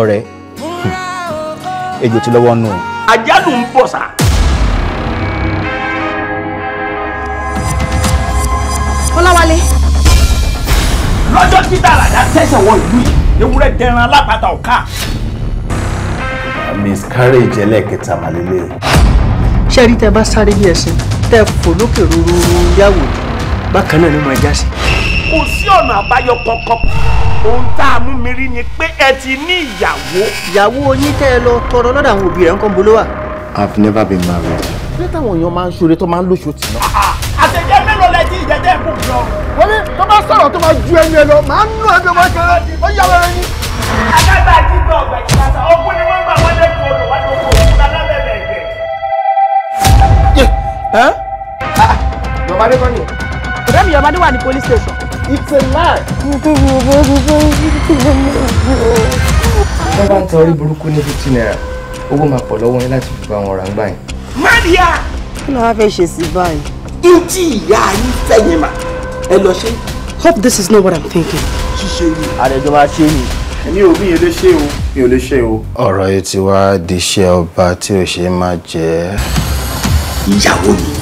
ọ̀rẹ́ ejò tí lọ́wọ́ nù. àjálù ń bọ̀ sá. ọlọ́wálé. lọ́jọ́ tí tààràdà tẹ̀sẹ̀ wọ ìlú yìí ewúrẹ́ dẹran alápàtà ọ̀ka. miscarriage ẹlẹ́ẹ̀kẹta màlélẹ̀. ṣé rí tẹ bá sáré bí ẹṣin tẹ fò lókè rúurú yàwó bákan náà ló máa já sí kò sí ọ̀nà àbáyọ kankan ohun tá a mú mi rí ni pé ẹ ti ní ìyàwó. ìyàwó yín tẹ́ ẹ lọ tọrọ lọ́dọ̀ àwọn òbí rẹ̀ ń kọ́ ń bolo I've never been married. ṣé táwọn èèyàn máa ń ṣoore tó máa ń lóṣù tì náà. àtẹ̀jẹ́ mélòó lẹ ti ìjẹ́jẹ́ ìkú jọ. wọ́n ní tó bá sọ̀rọ̀ tó máa ju ẹni ẹ lọ màá nù ẹ́ bí wọ́n kẹrẹ́ ó yà wẹ́rẹ́ ni. adágbà jíjọ ọ̀gbẹ̀ ìgbàsá ogún ni wọ́n gbà wọ́n lẹ́kọ̀ọ́ lọ́wọ́ wá lóko òkú lábẹ́ bẹ̀ẹ̀ bẹ̀ẹ̀. ọ̀gá mi Yomade wà ní police station. It's a lie. Wọ́n bá ń tan orí burúkú ní fifty naira. Owó máa pọ̀ lọ́wọ́ yín láti fi bá wọn ra ń gbà yín. Mádìá! Kí ni wàá fẹ́ ṣe sí báyìí? Ìjì ìyá yín sẹ́yìn mà. Ẹ lọ ṣe. Hope this is not what I'm thinking. Ṣíṣe ni. Àdẹ̀jọ máa ṣe ni. Èmi ò bí yẹn lè ṣe o. Mi ò lè ṣe o. Ọ̀rọ̀ yìí ti wá di iṣẹ́ ọba tí ò ṣe máa jẹ́. Ìyàwó ni.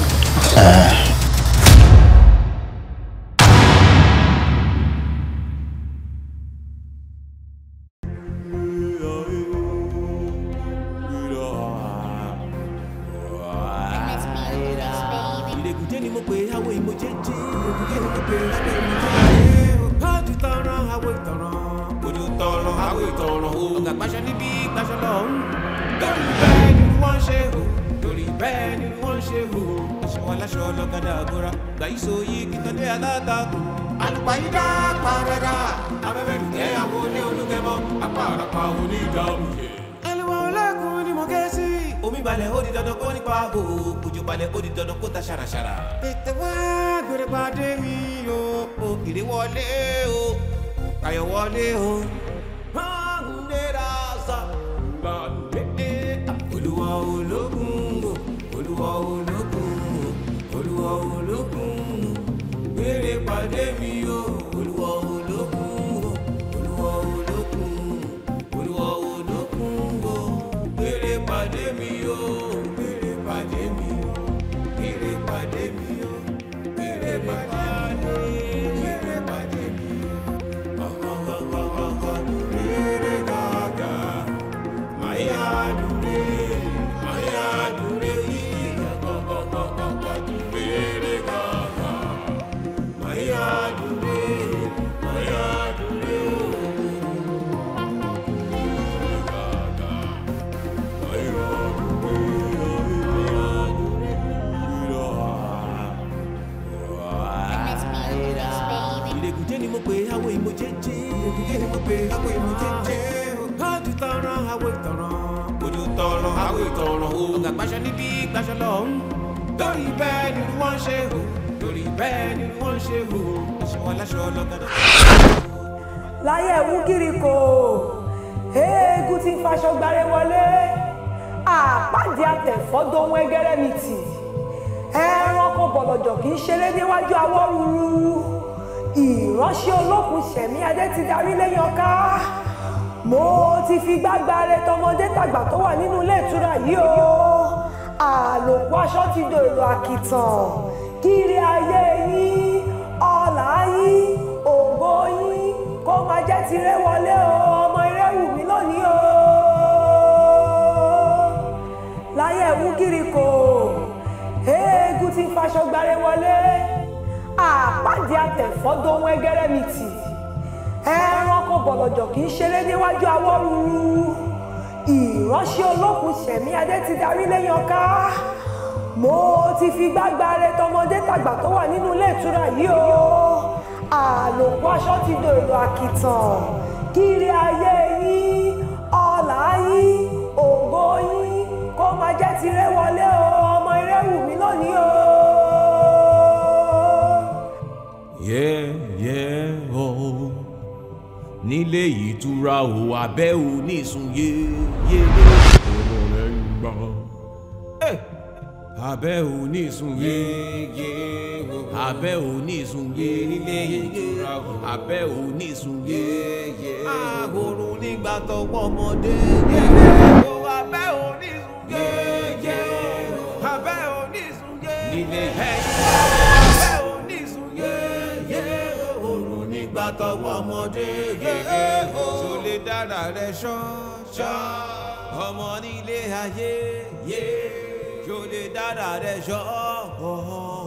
láyé wúgìrì kò eégún ti faṣọ gbárẹ́ wọlé àpáàdé àtẹ̀fọ́dọ́wọ́ ẹgẹ́rẹ́ mi tì ẹranko bọ̀lọ̀jọ̀ kì í ṣeré níwájú awọ́ ruru ìránṣẹ́ olókùn ṣẹ̀mí adé ti darí lẹ́yìn ọ̀ká mo ti fi gbágbá rẹ tọmọdé tàgbà tó wà nínú ilé ìtura yìí o àlòkù aṣọ ti dèrò àkìtàn kiri ayé ti ré wọlé o ọmọ eré wù mí lónìí o láyé ẹ̀wú kiri kò eégún ti ń faṣọ gbaré wọlé àpáàdé àtẹ̀fọ́dọ́wọ́ ẹgẹ́rẹ́ mi tì ẹranko bọ̀lọ̀jọ̀ kì í ṣeré níwájú awọ́ ruru ìránṣẹ́ olókùn ṣẹ̀mí adé ti darí lẹ́yìn ọ̀ká mo ti fi gbágbá rẹ tọmọdé tàgbà tó wà nínú ilé ìtura yìí o àlòkù aṣọ ti do ìlú àkìtàn kiri ayé yín ọlà yín ògo yín kó máa jẹ́ tiré wọlé o ọmọ irẹ́wù mi lónìí o. yẹ́ yẹ́ o nílé ìtura o abẹ́ ò ní sùn yé yé abẹ́ onísunwé abẹ́ onísunwé nílé ìtura abẹ́ onísunwé ahoro nígbà tọwọ́ ọmọdé abẹ́ onísunwé abẹ́ onísunwé nílé ìtura abẹ́ onísunwé ahoro nígbà tọwọ́ ọmọdé tó lè dára rẹ ṣán ṣán ọmọ nílé ayé. Yeah ṣòde dára rẹ ṣọ́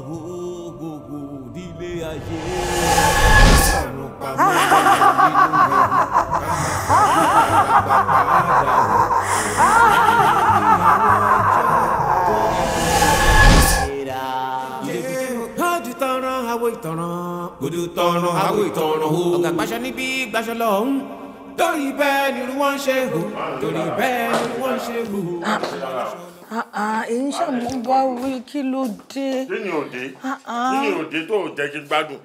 gbogbo ìdílé ayé ọ̀run pamọ́ nínú rẹ̀ bàbá àdá awo ìtọ̀ràn. o. ọ̀gá gbaṣọ níbí gbaṣọ lọ́hún. torí bẹ́ẹ̀ ni wọ́n ṣe hù. torí bẹ́ẹ̀ ni wọ́n ṣe hù. Ah, ah, èyí ṣàmú bá wí kí ló dé. kí ni òde kí ah, ni òde tó ò jẹ́ kí gbádùn.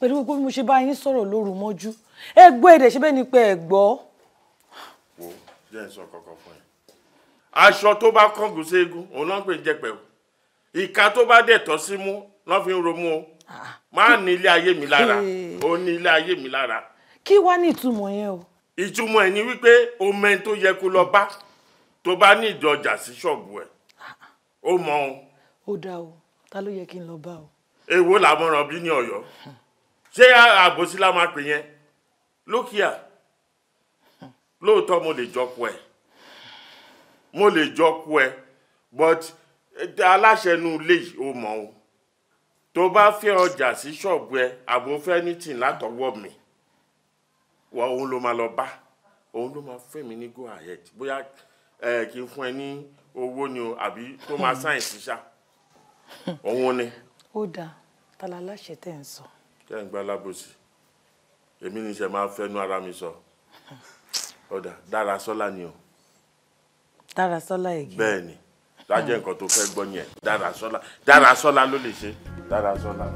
pẹ̀lú gbogbo bí mo ṣe bá yín sọ̀rọ̀ lóru mọ́jú ẹ gbọ́ èdè ṣe bẹ́ẹ̀ ni pé ẹ gbọ́. wo jẹ́ ìsọ kankan fún ẹ. aṣọ tó bá kángun sí eegun òun náà ń pè ń jẹpẹ o ìka tó bá dẹ̀ tọ́ sí mú lọ́ fi ń romú o má ní ilé ayé mi lára ó ní ilé ayé mi lára. kí wàá ní ìtumọ̀ yẹn o. ìtumọ̀ ẹ̀ ni wípé omi tó yẹ kó lọ bá tó bá ní ìdọjà sí ṣọ́ọ̀bù ẹ̀ ó mọ o. ó dá o ta ló yẹ kí n lọ bá o. èwo làmọ̀ràn bí ní ọ̀yọ́ ṣé àbòsí la máa pè yẹn lókìá lóòótọ́ mo lè jọpọ̀ ẹ̀ mo lè jọpọ̀ ẹ̀ but aláṣẹnu ilé yìí ó mọ o tó bá fẹ́ ọjà sí ṣọ́ọ̀bù ẹ àbò fẹ́ anything látọwọ́ mi wọ́n òun ló máa lọ bá òun ló máa fẹ́ mi ní go ahead bóyá ẹ kì í fún ẹ ní owó ni o àbí tó máa sáyẹ̀nsì ṣá òun ni. ó dáa tala láṣẹ tẹ́ ń sọ. tẹ́ ń gbá lábòsí èmi ní ṣe máa fẹ́nu ara mi sọ ọ̀dà dára sọ́lá ni o. dára sọ́lá èyí. bẹ́ẹ̀ ni lájẹ́ nǹkan tó fẹ́ gbọ́ yẹn dára sọ́lá dára sọ́lá ló lè ṣe dára sọ́lá.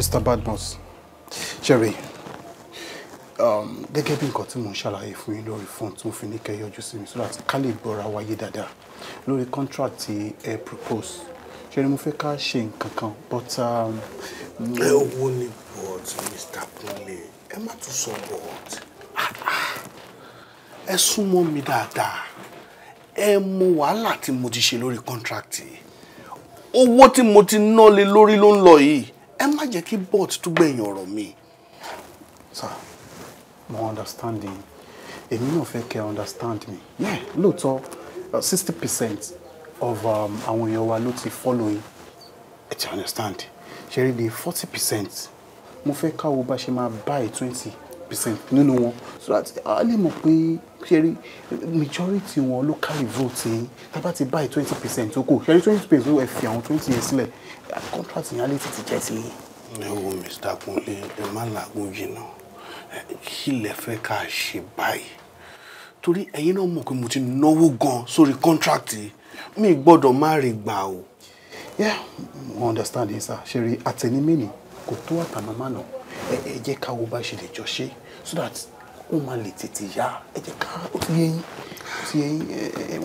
Mr. Badmus Jerry um, gẹ́gẹ́ bí nǹkan tí mò ń ṣàlàyé fún yín lórí fóònù tó ń fi ní kẹyọjú sí mi so that ká lè gbọ́ra wáyé dáadáa lórí contract tí ẹ propose ṣe ni mo fẹ́ ká ṣe nǹkan kan but. Um, ẹ wo ni but Mr. Kunle ẹ má tún sọ but ẹ súnmọ́ mi dáadáa ẹ mọ wàhálà tí mo ti ṣe lórí contract yìí owó tí mo ti ná lé lórí ló ń lọ yìí ẹ má jẹ́ kí bọ́ọ̀tù tún gbẹ̀yìn ọ̀rọ̀ mi. sir mo understand yín èmi náà fẹ́ kẹ́ understand me yeah lóòótọ́ uh, sixty percent of um, àwọn èèyàn wa ló ti follow yín ẹ ti understand ṣe rí di forty percent mo fẹ́ káwo bá ṣe máa buy twenty percent nínú wọn so that a lè mọ̀ pé ṣeré majority wọn ló carry vote yín tábà ti buy twenty percent tó kù ṣeré twenty percent ó ẹ fi àwọn twenty yẹn sílẹ̀ contract yẹn á lè tètè Me ti yín. ẹ wo Mr. Kunle ẹ má làágùn jìnnà kí lẹ fẹ́ ká ṣe báyìí torí ẹ̀yin náà mọ̀ pé mo ti náwó gan sórí contract mi gbọ́dọ̀ má rí gbà o. yeah mo understand yín sir ṣe rí àtẹnímìnì kò tó àtàmọ́mọ́nà ẹ jẹ́ ká wo bá ṣe lè jọ ṣe so that ó máa lè tètè yá ẹ jẹ́ ká ó ti yẹ yín ó ti yẹ yín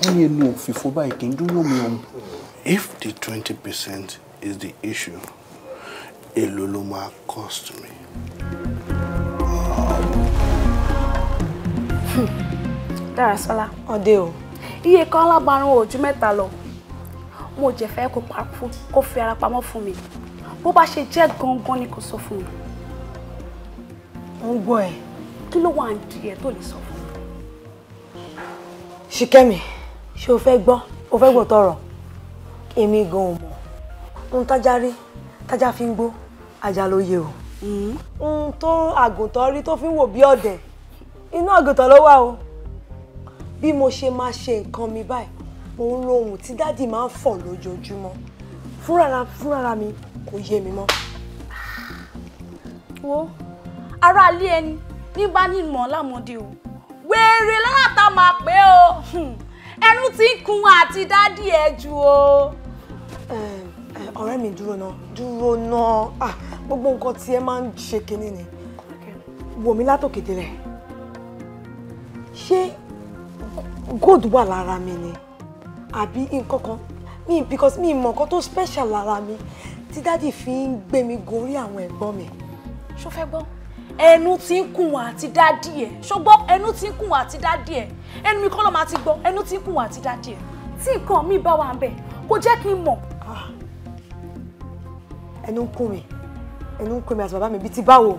wọ́n yẹ nu òfìfo báyìí kì í dúró mi ọ̀hún. if the twenty percent is the issue èlò cost me. Dara ọdẹ o iye kan alábàárùn ojú mẹ́ta lọ mo jẹ ko kó parọ́ ko fi ara mo fún mi bó bá ṣe jẹ́ gangan ni ko sọ fún mi. ń gbọ́ ẹ̀. kí ló wà ń di ẹ tó lè sọ fún mi. o fẹ́ gbọ́ o fẹ́ gbọ́ tọrọ èmi gan ohun tájá rí tájá fi ń gbó ajá ló yẹ o. Mm. ohun tó àgùntàn rí tó fi ń wò bí ọ̀dẹ̀ inú àgùntàn ló wà o. bí mo ṣe máa ṣe nǹkan mi báyìí mo ń lo ohun tí dádì máa ń fọ̀ lójoojúmọ́ fúnra mi kò yé mi mọ́. wo ara ilé ẹni ní bá ní o wèrè lálàtà máa pé o hmm. ẹnu tí ń kun àti dádì ẹ jù o. Um, Eh, ọ̀rẹ́ mi dúró náà dúró náà ah, gbogbo nǹkan tí ẹ máa ń ṣe kinní ni wò mí látòkè délẹ̀ ṣé gold wà lára mi ni àbí nǹkan kan mi because mi mọ̀ nǹkan tó special lára mi tí dádì fi ń gbé mi gorí àwọn ẹ̀gbọ́n mi. ṣó fẹ́ gbọ́ ẹnu tí ń kùn àti dádì ẹ̀ ṣùgbọ́n ẹnu tí ń kùn àti dádì ẹ̀ ẹnu mi kọ́ ló máa ti gbọ́ ẹnu tí ń kùn àti dádì ẹ̀ tí nǹkan mi bá wà ń bẹ̀ kò jẹ́ kí n mọ̀ ẹnu ń kún mi ẹnu ń kún mi àti bàbá mi bíi ti báwo.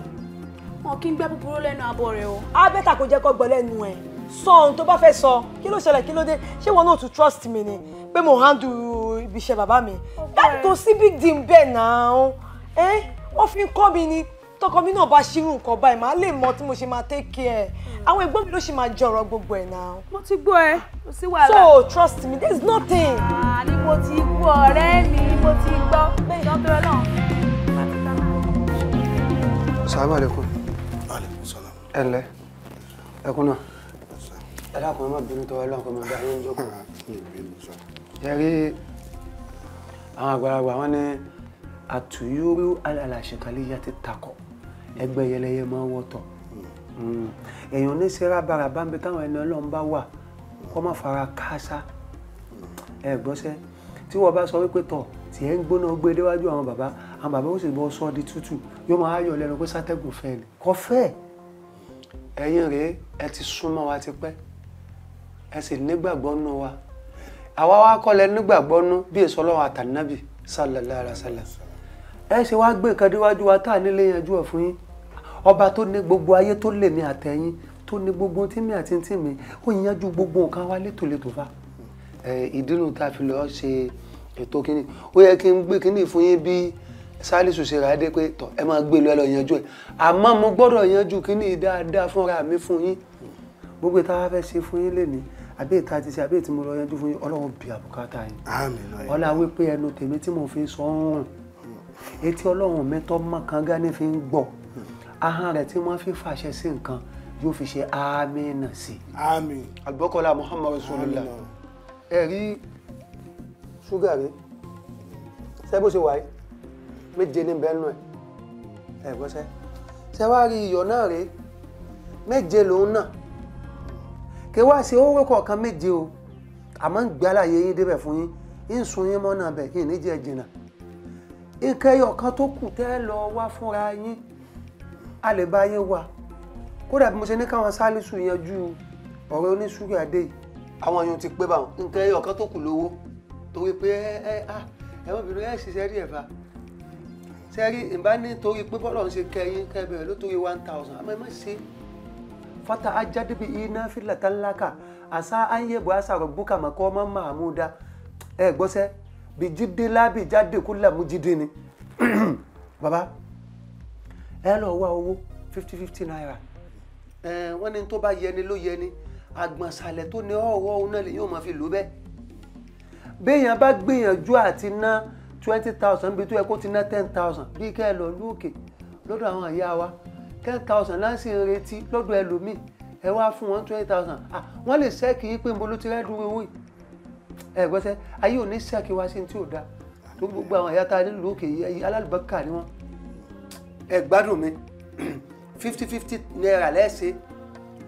wọn kì í gbẹ́ búburú lẹ́nu abọ́ rẹ o. á bẹ́tà kó jẹ́ kó gbọ́ lẹ́nu ẹ̀ sọ ohun tó bá fẹ́ sọ kí ló ṣẹlẹ̀ kí ló dé ṣé wọn náà tún trust mi ni pé mo handle ibi iṣẹ́ bàbá mi. dáàbò sí big deal bẹ́ẹ̀ náà wọ́n fi ń kọ́ mi ni tọkọ mi náà bá ṣírù nǹkan báyìí màá lè mọ tí mo ṣe máa take care hmm. àwọn ẹ̀gbọ́n mi ló ṣe máa jọrọ gbogbo ẹ̀ náà. mo ti gbọ́ ẹ mo sì wà lára. so trust me there is nothing. àní ah, mo ti gbọ́ ọ̀rẹ́ mi mo ti gbọ́ bẹ́ẹ̀ ni wọ́n bẹ̀rẹ̀ náà. assalamu alaikum. alaikum salaam. ẹ ǹlẹ́ ẹkún náà ẹ dákun ẹ má bínú tọwọ́ ẹ lọ́nkọ́ máa bá yín jókòó. Hmm. ẹ rí àwọn àgbàlagbà wọn ní àtúnyóró alàlàṣẹkálẹ̀ yá ti takọ̀ ẹgbẹ́ yẹlẹyẹ máa ń wọ́tọ̀ hmm. èèyàn ní sẹ́ra bára bá ń bẹ táwọn ẹni ọlọ́run bá wà kó má fara káásá ẹ gbọ́sẹ́ tí wọ́n bá sọ wípé tọ̀ tí ẹ ń gbóná gbé déwájú àwọn bàbá àwọn bàbá ó sì bọ́ sọ di tútù yóò máa yọ lẹ́nu pé sátẹ́gùn fẹ́ ni kò fẹ́ ẹ̀yin rèé ẹ ti súnmọ́ wa ti pẹ́ ẹ sì nígbàgbọ́ nù wa àwa wa kọ́ lẹ nígbàgbọ́ nù bí èso ọlọ́run àtànábì sallallahu alaihi wasallam ẹ ṣe wá gbé nǹkan déwájú wa tá à nílé yanjú fún yín ọba tó ní gbogbo ayé tó lè mí àtẹ̀yìn tó ní gbogbo tí àti tí ó yanjú gbogbo nǹkan wa létòlétò fa. ìdínú tá a fi lọ ṣe ètò kínní ó yẹ kí n gbé kínní fún yín bí sálísù ṣe rà á dé pé tọ ẹ máa gbé lọ ẹ lọ yanjú ẹ àmọ́ mo gbọ́dọ̀ yanjú kínní dáadáa fúnra mi fún yín gbogbo ìta fẹ́ ṣe fún yín lénìí àbí ìta ti ṣe àbí ìtí mo lọ yanjú fún yín ọlọ́run bí àbùkátà yín ọlá wípé ẹnu tèmi tí mo fi sọ ń rùn ọlọ́run mẹ́tọ́ mọ́ kanga fi ń gbọ́ ahọ́n rẹ̀ tí wọ́n fi fàṣẹ sí nǹkan yóò fi ṣe amínà sí. àmín. àgbọ́kọ̀lá muhammad rasulullah ẹ rí ṣúgà rẹ ṣé bó ṣe wáyé méje ní bẹ́ẹ̀ nù ẹ̀ ẹ̀ gbọ́sẹ́ ṣé wàá rí iyọ̀ náà rèé méje lòun náà kí wá sí owó kọ̀ọ̀kan méje o àmọ́ ń gbé àlàyé yín débẹ̀ fún yín ń sun yín mọ́nà bẹ̀ kí ní jẹ́ jìnnà nǹkan ẹyọ kan tó kù tẹ́ lọ wá fúnra yín a lè bá yẹn wà kódà bí mo ṣe ní káwọn sálíṣù yanjú ọ̀rọ̀ oníṣúgà dé àwọn èèyàn ti pé báwọn nǹkan ẹyọ kan tó kù lówó torí pé ẹ ẹ ẹwọn obìnrin ẹ ṣiṣẹ́ rí ẹ̀fà sẹ́rí ìbá ní torí pé bọ́lọ̀ ń ṣe kẹyìn kẹbẹ̀rẹ̀ ló torí one thousand àmọ́ ẹ má ṣe fata ajádébí iná fílẹ̀tà ńláka àṣà ayébọ̀ àṣàrò búkà màkọ́ ọmọ mahmuda ẹ gbọ́sẹ́ bìjídé lábìjáde kúlẹ̀ mú ni baba ẹ lọ wá owó fifty fifty naira ẹ wọ́n ní tó bá yẹni ló yẹni àgbọ̀nsalẹ̀ tó ní ọ̀wọ́ òun náà lè yóò máa fi lò bẹ́ẹ̀ béèyàn bá gbìyànjú àti ná twenty thousand bí tó yẹ kó ti ná ten thousand bí kẹ́ ẹ lọ lókè lọ́dọ̀ àwọn ìyá wa ten thousand láǹsì ń retí lọ́dọ̀ ẹlòmíì ẹ wá fún wọn twenty thousand ah wọ́n lè sẹ́ẹ̀kì yín pé nbọ ló ti rẹ́ẹ̀dúró owó yìí ẹ gbọ́sẹ̀ ayé ò ní sẹ́ẹ̀kì wá sí ní tí ò dáa tó gbogbo àwọn ìyá tá a nílùú òkè yìí alálùbọ́kà ni wọ́n ẹ gbádùn mi fifty fifty naira lẹ́sẹ̀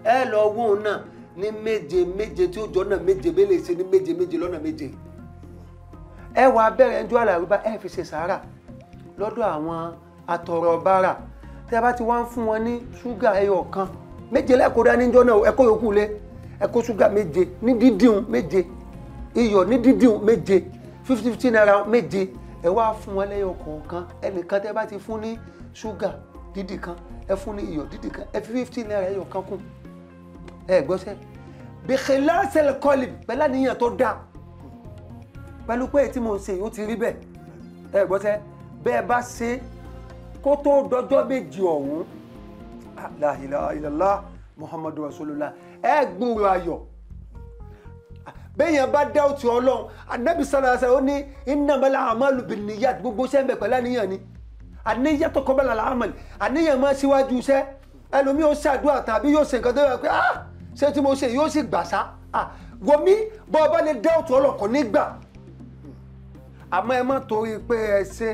ẹ lọ wó òun náà ní méje méje tí ó jọ náà méje bẹ́ẹ̀ lè ṣe ní méje méje lọ́nà méje ẹ wà abẹ́rẹ́ ẹjọ́ àlàrúbá ẹ fi ṣe sàárà lọ́dọ̀ àwọn atọrọ bára tí a bá ti wá ń fún wọn ní ṣúgà ẹyọ kan méje lẹ́kọ̀ọ́ dání jọ náà ẹ kó yòókù lé ẹ kó ṣúgà méje ní dídìún méje iyọ̀ ní dídìún méje fifty fifty naira méje ẹ wá fún wọn lẹ́yọ kọ̀ọ̀kan ẹnìkan tẹ́ bá ti fún ní ṣúgà dídì kan ẹ fún ní iyọ̀ dídì kan ẹ fi fifteen naira ẹyọ kan kún ẹ gbọ́sẹ̀ bèkèlá sẹlẹ̀ kọ́lì pẹ̀lú àníyàn tó dáa pẹ̀lú pé tí mo ṣe ó ti rí bẹ́ẹ̀ ẹ gbọ́sẹ̀ bẹ́ẹ̀ bá ṣe kó tó dọjọ́ méjì ọ̀hún la ilaha muhammadu rasulullah ẹ gbúrò ayọ̀ bẹ́ẹ̀yàn bá dá òtún ọlọ́run anabi sallallahu alaihi wasallam ó ní innamal a'malu binniyat gbogbo sẹ́ńbẹ̀ pẹ̀lú àníyàn ni àníyàn tó kọ́bẹ̀lá làámọ̀lì àníyàn máa síwájú iṣẹ́ ẹlòmíì ó ṣàdúrà tàbí yóò ṣe nǹkan tó yẹ pé ah ṣé tí mo ṣe yóò sì gbàṣá ah wọmí bọ́ ọba lè dá òtún ọlọ́kọ̀ nígbà àmọ́ ẹ má torí pé ẹ ṣe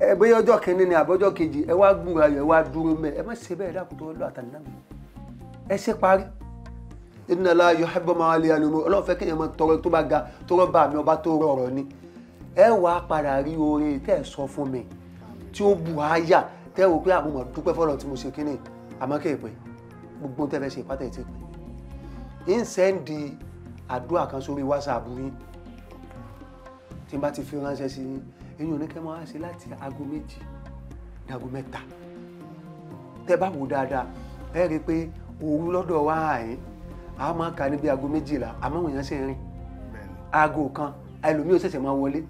ẹ bóyá ọjọ́ kìíní ni àbọ̀jọ́ kejì ẹ wá gbúra ẹ wá dúró mẹ́ ẹ má ṣe bẹ́ẹ̀ dákútọ́ ọlọ́ àtàlẹ́ náà ẹ ṣe parí inna la yuhibbu máa lè ànumọ́ ọlọ́run fẹ́ kéèyàn máa tọrọ tó bá ga tọrọ bá mi ọba tó rọrọ ni ẹ wàá padà rí oore tẹ́ ẹ sọ fún mi tí ó bu àyà tẹ́ o pé àbúmọ̀ ah, dúpẹ́ fọlọ́ tí mo ṣe kínní àmọ́ kí èpè gbogbo tẹ́ fẹ́ ṣe ìpátá ẹ̀ ti pè ń sẹ́ndì àdúrà kan sórí wásaàbù yín tí n bá ti fi ránṣẹ́ sí yín èyí ò ní kẹ́ máa ṣe láti aago méjì ní aago mẹ́ta tẹ́ bá wò dáadáa ẹ rí i pé òru lọ́dọ̀ wa àyín a máa ka níbi aago méjìlá àmọ́ òyìn ṣe rìn aago kan ẹlòmíì ó ṣẹ̀ṣẹ̀ máa wọlé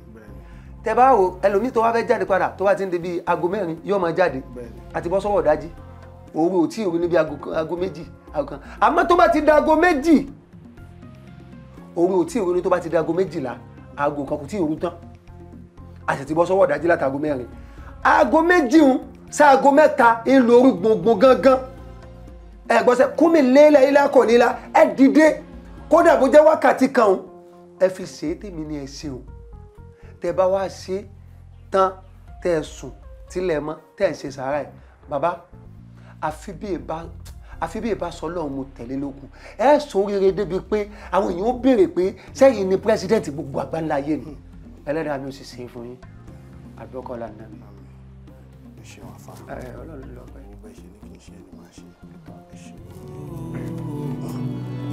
tẹ bá wo ẹlòmíì tó wá fẹ́ jáde padà tó bá ti ń di bíi aago mẹ́rin yóò máa jáde àti bọ́ sọ́wọ́ dájí òru ò tí òru níbi aago méjì aago kan àmọ́ tó bá ti da aago méjì òru ò tí òru ní tó bá ti da aago méjìlá aago kan kò tí òru tán àti ti bọ́ sọ́wọ́ dájí láti aago mẹ́rin aago méjì ń sáago mẹ́ta ń lo orú gbùngbùn gángan ẹ gbọ́ kúmi léla ilá kọ̀ ẹ dìde kódà bó jẹ́ wákàtí kan ẹ fi ṣètìmí ni ẹ ṣeun tẹ́ bá wá ṣe tán tẹ́ ẹ sùn tilẹ̀ mọ́ tẹ́ ṣe sàárà ẹ̀ bàbá àfi bí ẹ bá àfi bí ìbá sọ lọ́hùn mo tẹ̀lé e lókun ẹ sóríire débi pé àwọn èèyàn ó pé sẹ́yìn ni pírẹ́sidẹ́ǹtì gbogbo àgbáńlá ni ẹlẹ́dàá mi ò sì ṣe é fún yín àdókọ́lá náà. ẹ ṣe wà fún mi ọlọ́run ló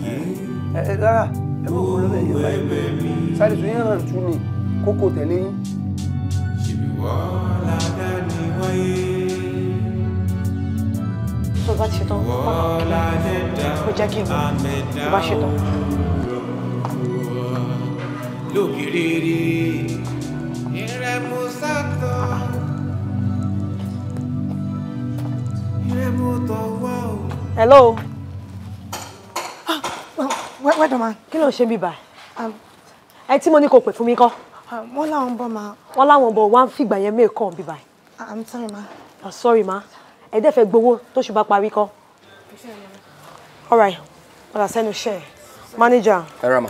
ẹ ẹ rárá ẹ mọ̀ kó ló bẹ̀ yẹ báyìí sáré tó yẹ hàn tún ni kókó tẹ̀lé yín. ṣèbíwọ́ ládá ni wáyé. tó bá ti ṣetán ó jẹ́ kí n mọ̀ bá ṣetán. lókè rere ìrẹ́mu sátọ̀ ìrẹ́mu tọ̀ wá o. hello. Ah, wẹ́dọ̀mà kí ló ń ṣe bíbá um, ẹ tí mo ní kò pè fún mi kọ́. Um, wọ́n láwọn bọ̀ ma. wọ́n láwọn bọ̀ wá ń fìgbà yẹn mé kàn bí báyìí. Ah, i'm sorry ma. i'm ah, sorry ma ẹ dẹ́ fẹ́ gbowó tó ṣùgbọ́n parí kọ́. all right padà sẹ́nu iṣẹ́ ẹ̀ manager. ẹ rà mà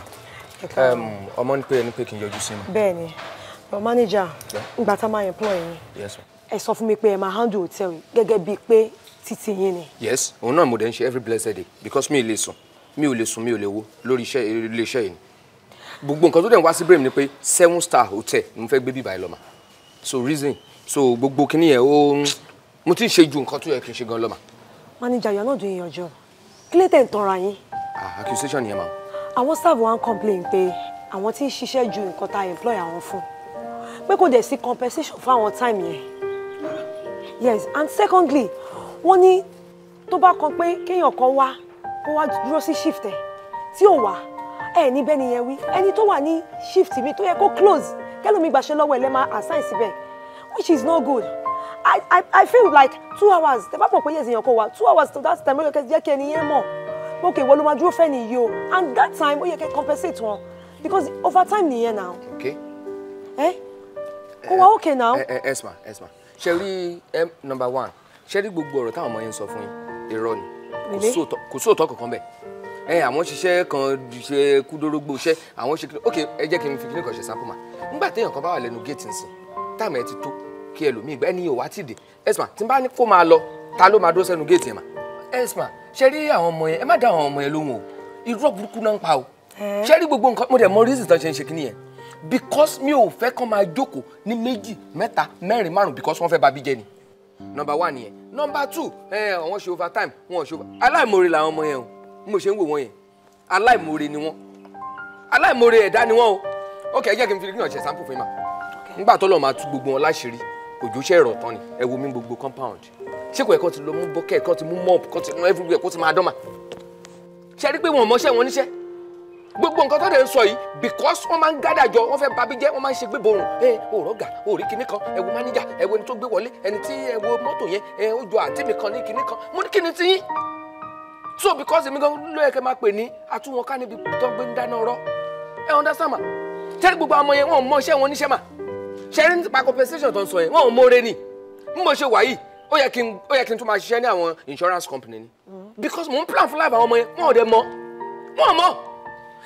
um, ọmọ ní pé ẹni pé kì í yọjú sí mi. bẹ́ẹ̀ni your manager ìgbà tá a máa employ yín ẹ sọ fún mi pé ẹ máa handle hotel gẹ́gẹ́ bíi pé títí yín ni. yes òun náà mo dẹ̀ ń ṣe every blessed day because mi ò lè sùn mi ò lè sùn mi ò lè wo lórí iṣẹ́ ilé iṣẹ́ yìí gbogbo nǹkan tó dẹ̀ ń wá sí brain ni pé seven star hotel ni mo fẹ́ gbé bíbá ẹ lọ́mà so reason so gbogbo kinní yẹn ó mo ti ń ṣe ju nǹkan tó yẹ kí n ṣe gan lọ́mà. manager you are not doing your job kí ló tẹ̀ ń tanra yín. Ah, accusation yẹn ma. àwọn staff wa ń complain pé àwọn tí ń ṣiṣẹ́ ju nǹkan tá employ àwọn fún pé kò dẹ̀ sí compensation fún àwọn time yẹn yes and secondly wọ́n ní tó bá kan pé kéèyàn kan wá kó wá dúró sí shift ẹ̀ tí ò wá ẹ ní bẹ́ẹ̀ nìyẹn wí ẹni tó wà ní shift mi tó yẹ kó close kẹ́lómi gbàṣẹ lọ́wọ́ ẹ lẹ́ máa assign síbẹ̀ which is not good i i i feel like two hours tẹ bá pọ̀ pé yẹ̀sìn yẹn kọ wa two hours to that time ó yẹ kẹ́ jẹ́ kí ẹni yẹn mọ̀ pé òkè ìwọ ló máa dúró fẹ́ nìyí o and that time ó yẹ kẹ́ compensate wọn because overtime nìyẹn now. okay. ẹ kó eh, wa okay now. ẹ ẹ esma esma ṣe ẹ number one ṣe rí gbogbo ọ̀rọ̀ táwọn ọmọ yẹn ń sọ fún yín irọ́ ni kò sóòtọ́ kankan bẹ́ẹ̀ ẹ àwọn ṣiṣẹ́ kan ṣe kúdórógbó iṣẹ́ àwọn ṣe kí ok ẹ jẹ́ kí n fi kíní kan ṣe sample ma nígbà téèyàn kan bá wà lẹ́nu géètì nsìn táàmù ẹ ti tó kí ẹlòmíì gbẹ́ ní ìwà tìde ẹ̀sìmà tí n bá ní kó máa lọ ta ló máa dó sẹ́nu géètì ẹ̀ mà ẹ̀sìmà ṣe rí àwọn ọmọ yẹn ẹ má dá àwọn ọmọ yẹn lóhùn o irọ́ burúkú náà ń pa o ṣe rí gbogbo nǹkan mo dẹ̀ mọ reason tán ṣe ń ṣe kíní yẹn because mi ò fẹ́ kán máa jókòó ní méjì mẹ́ta mẹ́rin márùn because wọ́n fẹ́ ba bí ni number one yẹn number two ẹ ṣe overtime wọn ò ṣe over aláìmoore làwọn ọmọ yẹn o bí mo ṣe ń wò wọ́n yẹn aláìmoore ni wọ́n aláìmoore ẹ̀dá ni wọ́n o ok ẹ jẹ́ kí n fi kí n ọ̀ṣẹ̀ sample fún mi ma nígbà tó lọ́ọ́ máa tú gbogbo wọn láṣìírí òjò ṣe rọ̀ tán ni ẹ wo mi gbogbo compound ṣé kò ẹ̀kọ́ ti lọ mú bọ́kẹ́ ẹ̀kọ́ ti mú mop ẹ̀kọ́ ti mú everywhere kó ti máa dán mà ṣe rí pé wọn ò mọṣẹ́ wọn níṣẹ́ gbogbo nǹkan tó dẹ̀ ń sọ yìí because wọ́n máa ń gádà jọ wọ́n fẹ́ babi jẹ́ wọ́n máa ń ṣe gbéborùn ẹ òòrọ̀ gà òòrí kinní kan ẹ wo máníjà ẹ wo ẹni tó gbé wọlé ẹni tí ẹ wo mọ́tò yẹn ẹ ó jọ àtìmí kan ní kinní kan mo ní kinní tí yín so because èmi gan ló yẹ kẹ́ máa pè ní àtúwọn ká níbi tó gbé ń dáná ọ̀rọ̀ ẹ understand ma tẹ́lẹ̀ gbogbo àwọn yẹn wọn ò mọ iṣẹ́ wọn Ma, mà ṣẹ́rí nípa compensation tó so. sọ yẹn wọn ò mọ̀ọ́rẹ́ ni n bó ṣe wà yìí ó yẹ kí n ó yẹ kí n tún máa insurance company ni because mò plan for life àwọn ọmọ yẹn wọn ò dẹ mọ wọn ò mọ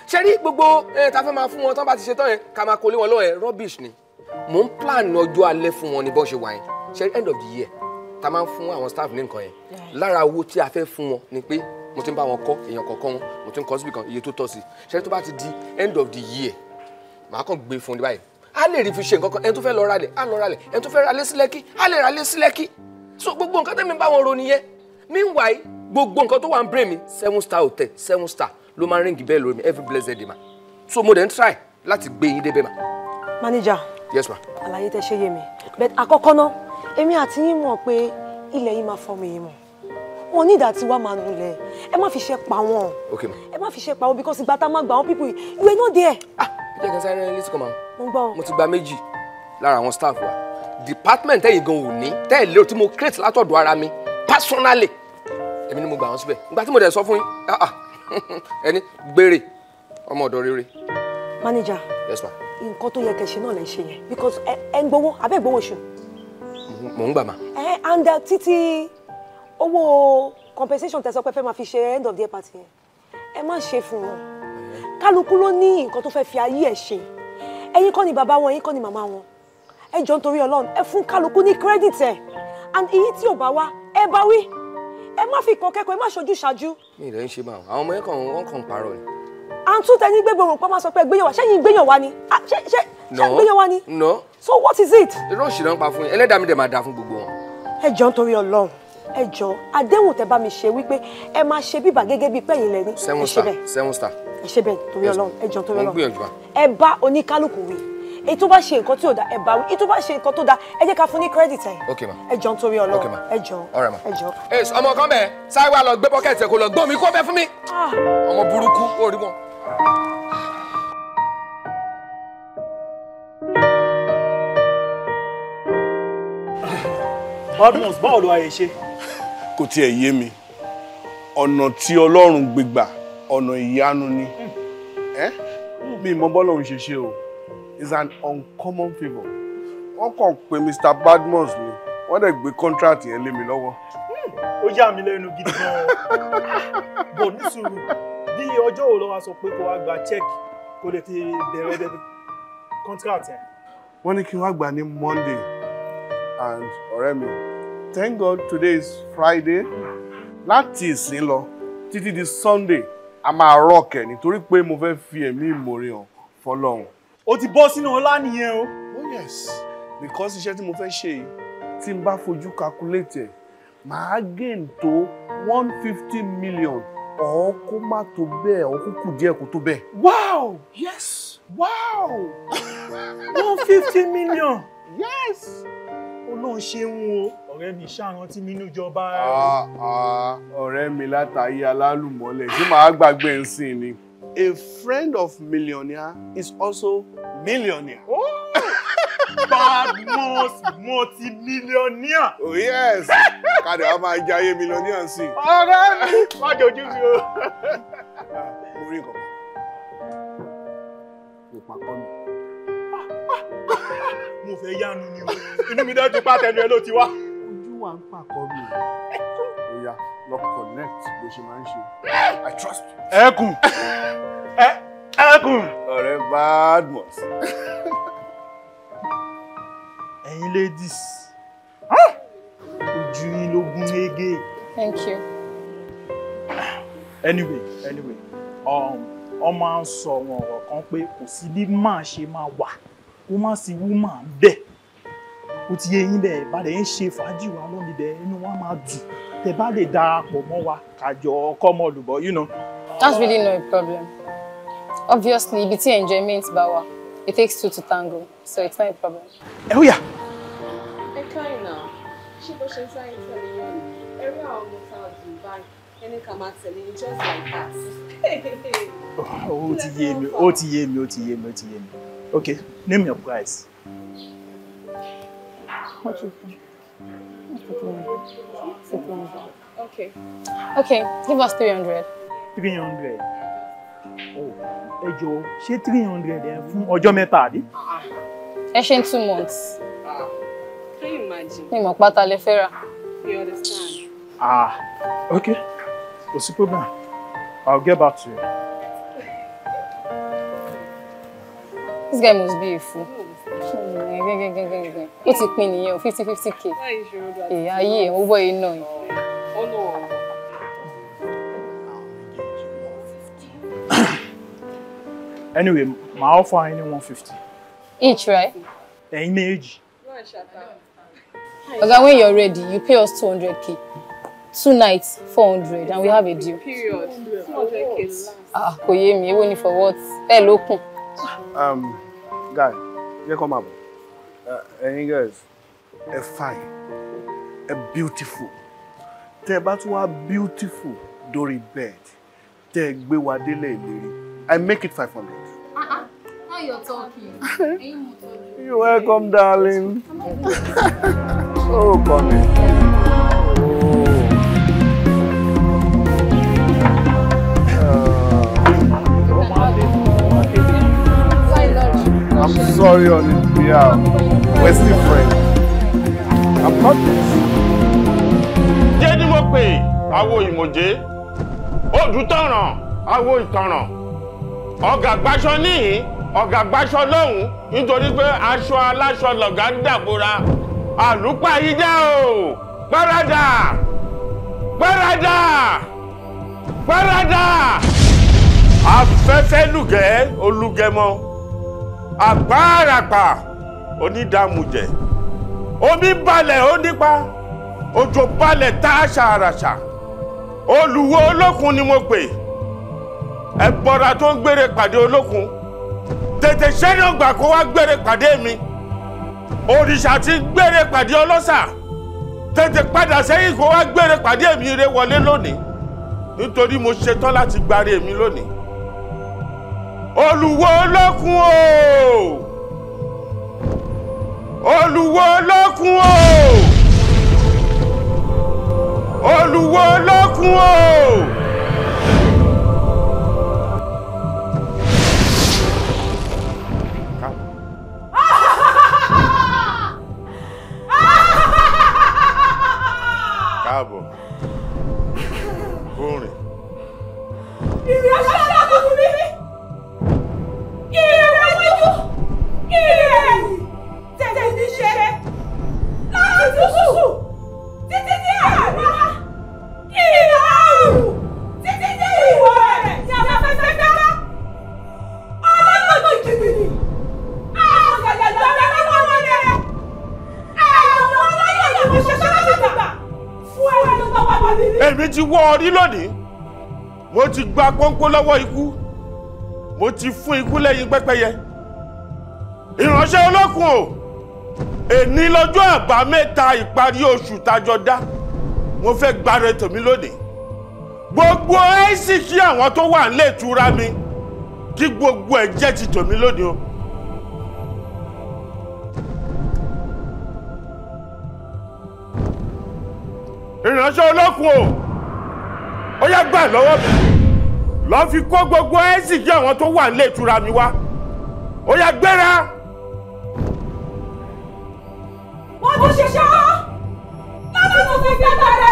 ṣẹ́rí gbogbo ẹ̀ ta fẹ́ máa fún wọn tán bá ti ṣe tán yẹn ká máa kólé wọn lọ́wọ́ yẹn rubbish ni mò ń plan ọjọ́ alẹ́ fún wọn ní bó ṣe wà yẹn ṣẹ́rí end of the year ta máa ń fún àwọn staff ní nǹkan yẹn lára owó tí a fẹ́ fun wọn ni pé mo ti ń bá wọn kọ́ èèyàn kọ̀ọ̀kan wọn mo ti ń kọ́ síbi kan iye tó tọ́ sí ṣé tó bá ti di end of the year màá kàn gbé fún un báyìí a lè rí fi ṣe nǹkan kan ẹni tó fẹ́ lọ ralẹ̀ á lọ ralẹ̀ ẹni tó fẹ́ ralẹ̀ sí lẹ́kí á lè ralẹ̀ sí lẹ́kí so gbogbo nǹkan tẹ́mi bá wọn ro nìyẹn meanwhile gbogbo nǹkan tó wà ń brain mi seven star hotel seven star ló máa ń ríngì bẹ́ẹ̀ lórí mi every blessed day ma so mo dẹ̀ ń try láti gbé yín débẹ̀ ma. manager yes ma. àlàyé tẹ ṣe yé mi bẹ́ẹ̀ àkọ́kọ́ náà èmi àti yín mọ̀ pé ilẹ̀ yìí máa fọ́ mi yìí mọ̀ wọn ní ìdá tí wàá máa nulẹ̀ ẹ má fi ṣe pa wọn ẹ má fi ṣe pa wọn because ìgbà tá a máa gbà wọn people yìí you were not there. ah ẹ jẹ́ kí n sáré rẹ́ létí kan máa mo ti gba méjì lára àwọn staff wa department tẹ́yìn gan ò ní tẹ́yìn lérò tí mo create látọ̀dọ̀ ara mi personally èmi ni mo gbà wọn síbẹ̀ ìgbà tí mo dẹ̀ sọ fún yín ah, ah. ẹni gbére ọmọ ọ̀dọ̀ rere. manager yes ma. nǹkan tó yẹ kẹ̀sì náà lè ṣe yẹn because ẹ ń gbowó abẹ́ ìgbowó oṣù. mò ń gbà má. ẹ and uh, títí owó compensation tẹ́ sọ pé fẹ́ máa fi ṣe end of the year party yẹn ẹ má ṣe fún wọn kálukú ló ní nǹkan tó fẹ́ fi ayé ẹ̀ ṣe ẹ̀yin kọ́ ni bàbá wọn ẹ̀yin kọ́ ni màmá wọn ẹ jọ nítorí ọlọ́run ẹ fún kálukú ní credit ẹ̀ and èyí tí ò bá wá ẹ bá wí ẹ má fi kàn kẹ́kọ̀ọ́ ẹ má ṣojú ṣáájú. mi ì lè ń ṣe máa àwọn ọmọ yẹn kàn wọ́n kàn parọ́ ni. àǹtú tẹni gbégbé òrùn pa máa sọ pé gbéyàn wá ṣẹ́yìn gbéyàn wá ni ṣé ṣé gbéyàn ni. no so what is it. irọ́ òṣìṣẹ́ ń pa fún yín ẹlẹ́dàá mi dẹ̀ máa dà fún gbogbo wọn. ẹ jọ nítorí ọlọ́run ẹ jọ àdéhùn tẹ bá mi ṣe wípé ẹ máa ṣe bíbà gẹ́gẹ́ bíi pẹ́yìn lẹ́ni ẹ ṣe bẹ́ẹ̀ star ẹ ṣe bẹ́ẹ̀ torí ọlọ́run ẹ jọ torí ọlọ́run ẹ bá oníkálukú wí èyí bá ṣe nǹkan tí ò da ẹ bá wí èyí bá ṣe nǹkan tó da ẹ jẹ́ ká fún ní credit ẹ. ok ma ẹ jọ nítorí ọlọ́run ok ma ẹ jọ ẹ jọ. ẹ ọmọ kan bẹ sáré wa lọ gbé bọ́kẹ́tì ẹ lọ gbọ́ mi kó bẹ fún mi ah. ọmọ burúkú ó wọn. Badmus báwo ayé ṣe kò tiẹ̀ yé mi ọ̀nà tí ọlọ́run gbégbà ọ̀nà ìyanu ni mi mọ bọ́lọ́run ṣe ṣe o is an uncommon favour wọ́n kàn pé Mr Badmus ni wọ́n dẹ̀ gbé contract yẹn lé mi lọ́wọ́. Hmm, ó yà mí lẹ́nu gidi gan-an bò ní sùúrù bí ọjọ́ òun lọ́wọ́ sọ pé kó wá gba check kó lè fi bẹ̀rẹ̀ contract yẹn. wọ́n ní kí wọ́n gbà ní Monday and ọ̀rẹ́ mi Thank God today is Friday. Láti ìsín lọ títí di Sunday a máa rọ̀kẹ̀ nítorí pé mo fẹ́ fi ẹ̀mí ìmoore hàn fọlọ́run. O ti bọ́ sínú ọlá nìyẹn o. Oh yes, because iṣẹ́ tí mo fẹ́ ṣe yìí tí n bá fojú calculate ẹ̀ màá gain tó one fifty million ọ̀ kó má tó bẹ́ẹ̀ ọ̀ kó kù díẹ̀ kó tó bẹ́ẹ̀. Wow! Yes! Wow! one fifty million! Yes! Ọlọ́run ṣeun o ọ̀rẹ́ mi ṣàrántí mi níjọba ah, ah, ọ̀rẹ́ mi látàyé alálùmọ́lẹ̀ tí màá gbàgbé ń sìn ni. A friend of millionaire is also millionaire. Oh, bad most multi-millionaire. Oh yes, kàdé a máa jẹ ayé millionaire sí. Ọ̀rẹ́ mi, má jòjú mi o. Mo rí nǹkan. mo fẹ́ yánu ni o inú mi dájú pátẹnu ẹ ló ti wá. ojú wa ń pàkọ́ mi ò lọ connect bó ṣe máa ń ṣe i trust you. ẹkùn ẹkùn. ọ̀rẹ́ badmus. ẹ̀yin ladies ojú yín ló gún régé. thank you. anyway anyway um, ọmọ à ń sọ àwọn ọ̀rọ̀ kan pé kò sí bí máa ṣe máa wà kó má sí wúmà bẹ́ẹ̀ ó ti yé yín bẹ́ẹ̀ bá dẹ̀ ń ṣe fàájì wa lọ́nà ibẹ̀ inú wa máa dùn tẹ bá lè darapọ̀ mọ́ wa kàjọ ọkọ ọmọ olùbọ̀ you know. that's really no problem obviously ibi tí enjoyment bá wà it takes two to tango so it's not a problem. ẹ ó yà. ẹ káyìn náà ṣé bó ṣe ń sáré tẹ̀lé yẹn ẹ rí àwọn ọmọ tá a dùn báyìí ẹni ká máa tẹ̀lé yín just like that. ó ti yé mi ó ti yé mi ó ti yé mi ó ti yé mi. Okay, name your price. What you think? Okay. Okay, give us 300. 300. Oh, ẹ jọ̀ọ́, ṣé 300 ẹ fún ọjọ́ mẹ́ta àbí? Ẹ ṣe in two months. Ah. Can you imagine? Mi mọ̀ pátá lè fẹ́ You understand? Ah, okay. Kò sí problem. I'll get back to you. This guy must be a fool. Ó ti pin nìyẹn o, fifty fifty k. Yeah, ayé ẹ̀ you wọ Oh no. Anyway, my offer is ní one fifty. Each, right? Ẹ̀yin méjì. Okay, when you're ready, you pay us two hundred k. Two nights, four hundred, and we have a deal. Period. Two hundred k. Ah, koyemi, yé mi, èwo for what? Ẹ Um, guy jẹ́ come up bọ̀ uh, ẹ̀yin girls a fine a beautiful tẹ́ ẹ bá beautiful dórí bed tẹ́ ẹ gbé wa délé ìlérí I make it five hundred. Ah, ah, now you're talking. You're welcome, darling. oh, come in. sorry on his behalf. We're still friends. I promise. Jẹ́ ni mo pè awo ìmọ̀jé, odù tọ̀ràn, awo ìtọ̀ràn. Ọ̀gá gbaṣọ níhìn, ọ̀gá gbaṣọ lọ́hùn, nítorí pé aṣọ aláṣọ lọ̀gá ń dàbora. barada, yìí já o! Gbáradà! Gbáradà! Gbáradà! Afẹ́fẹ́ lùgẹ́ olúgẹmọ àgbáràpà onídàmújẹ omi balẹ̀ ó nípa òjò balẹ̀ tá a ṣàràṣà olùwò olókun ni mo pè ẹ̀bọ̀ra tó ń gbére pàdé olókun tètè sẹ́yìn ọgbà kó wá gbére pàdé mi òrìṣà ti gbére pàdé ọlọ́ṣà tètè padà sẹ́yìn kó wá gbére pàdé mi rè wọlé lónìí nítorí mo ṣetán láti gbáre mi lónìí olùwọ olókun o olùwọ olókun o olùwọ olókun o. yín lónìí mo ti gba pọ́npọ́ lọ́wọ́ ikú mo ti fún ikú lẹ́yìn pẹ́pẹ́yẹ ìránṣẹ́ olókùn o èní lọ́jọ́ àbámẹ́ta ìparí oṣù tájọ dá mo fẹ́ gbàre tèmi lónìí gbogbo ẹ́sìkì àwọn tó wà nílé ìtura mi kí gbogbo ẹ̀ jẹ́ ti tèmi lónìí o. ìránṣẹ́ olókùn o ó yá gbà lọ́wọ́ mi lọ́ọ́ fi kó gbogbo ẹ́sìkì àwọn tó wà nílé ìtura mi wá ó yá gbéra. wọ́n ti ṣiṣẹ́ lọ́dọ̀ tó fi fi agbára.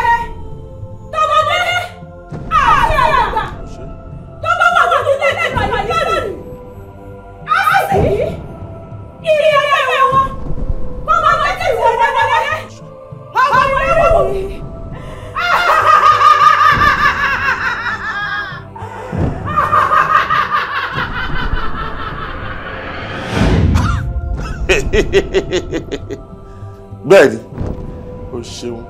bẹ́ẹ̀ ni o ṣeun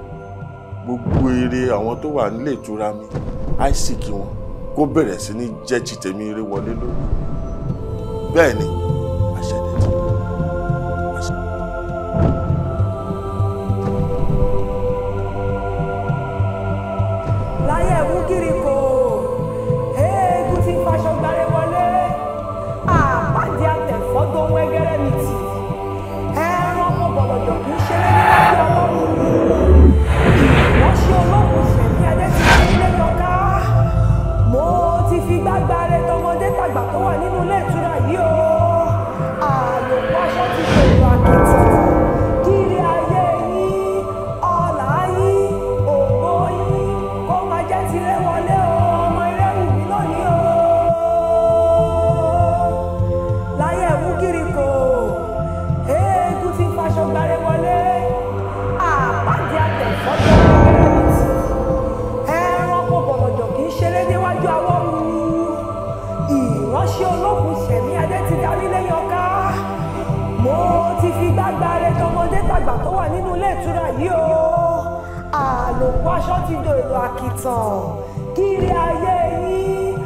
gbogbo eré àwọn tó wà nílé ìtura mi isaac wọn kó bẹ̀rẹ̀ sí ní jẹ́ jìtẹ̀mí eré wọlé lórí bẹ́ẹ̀ ni ìtura yìí o àlòkù aṣọ ti do èrò àkìtàn kiri ayé yín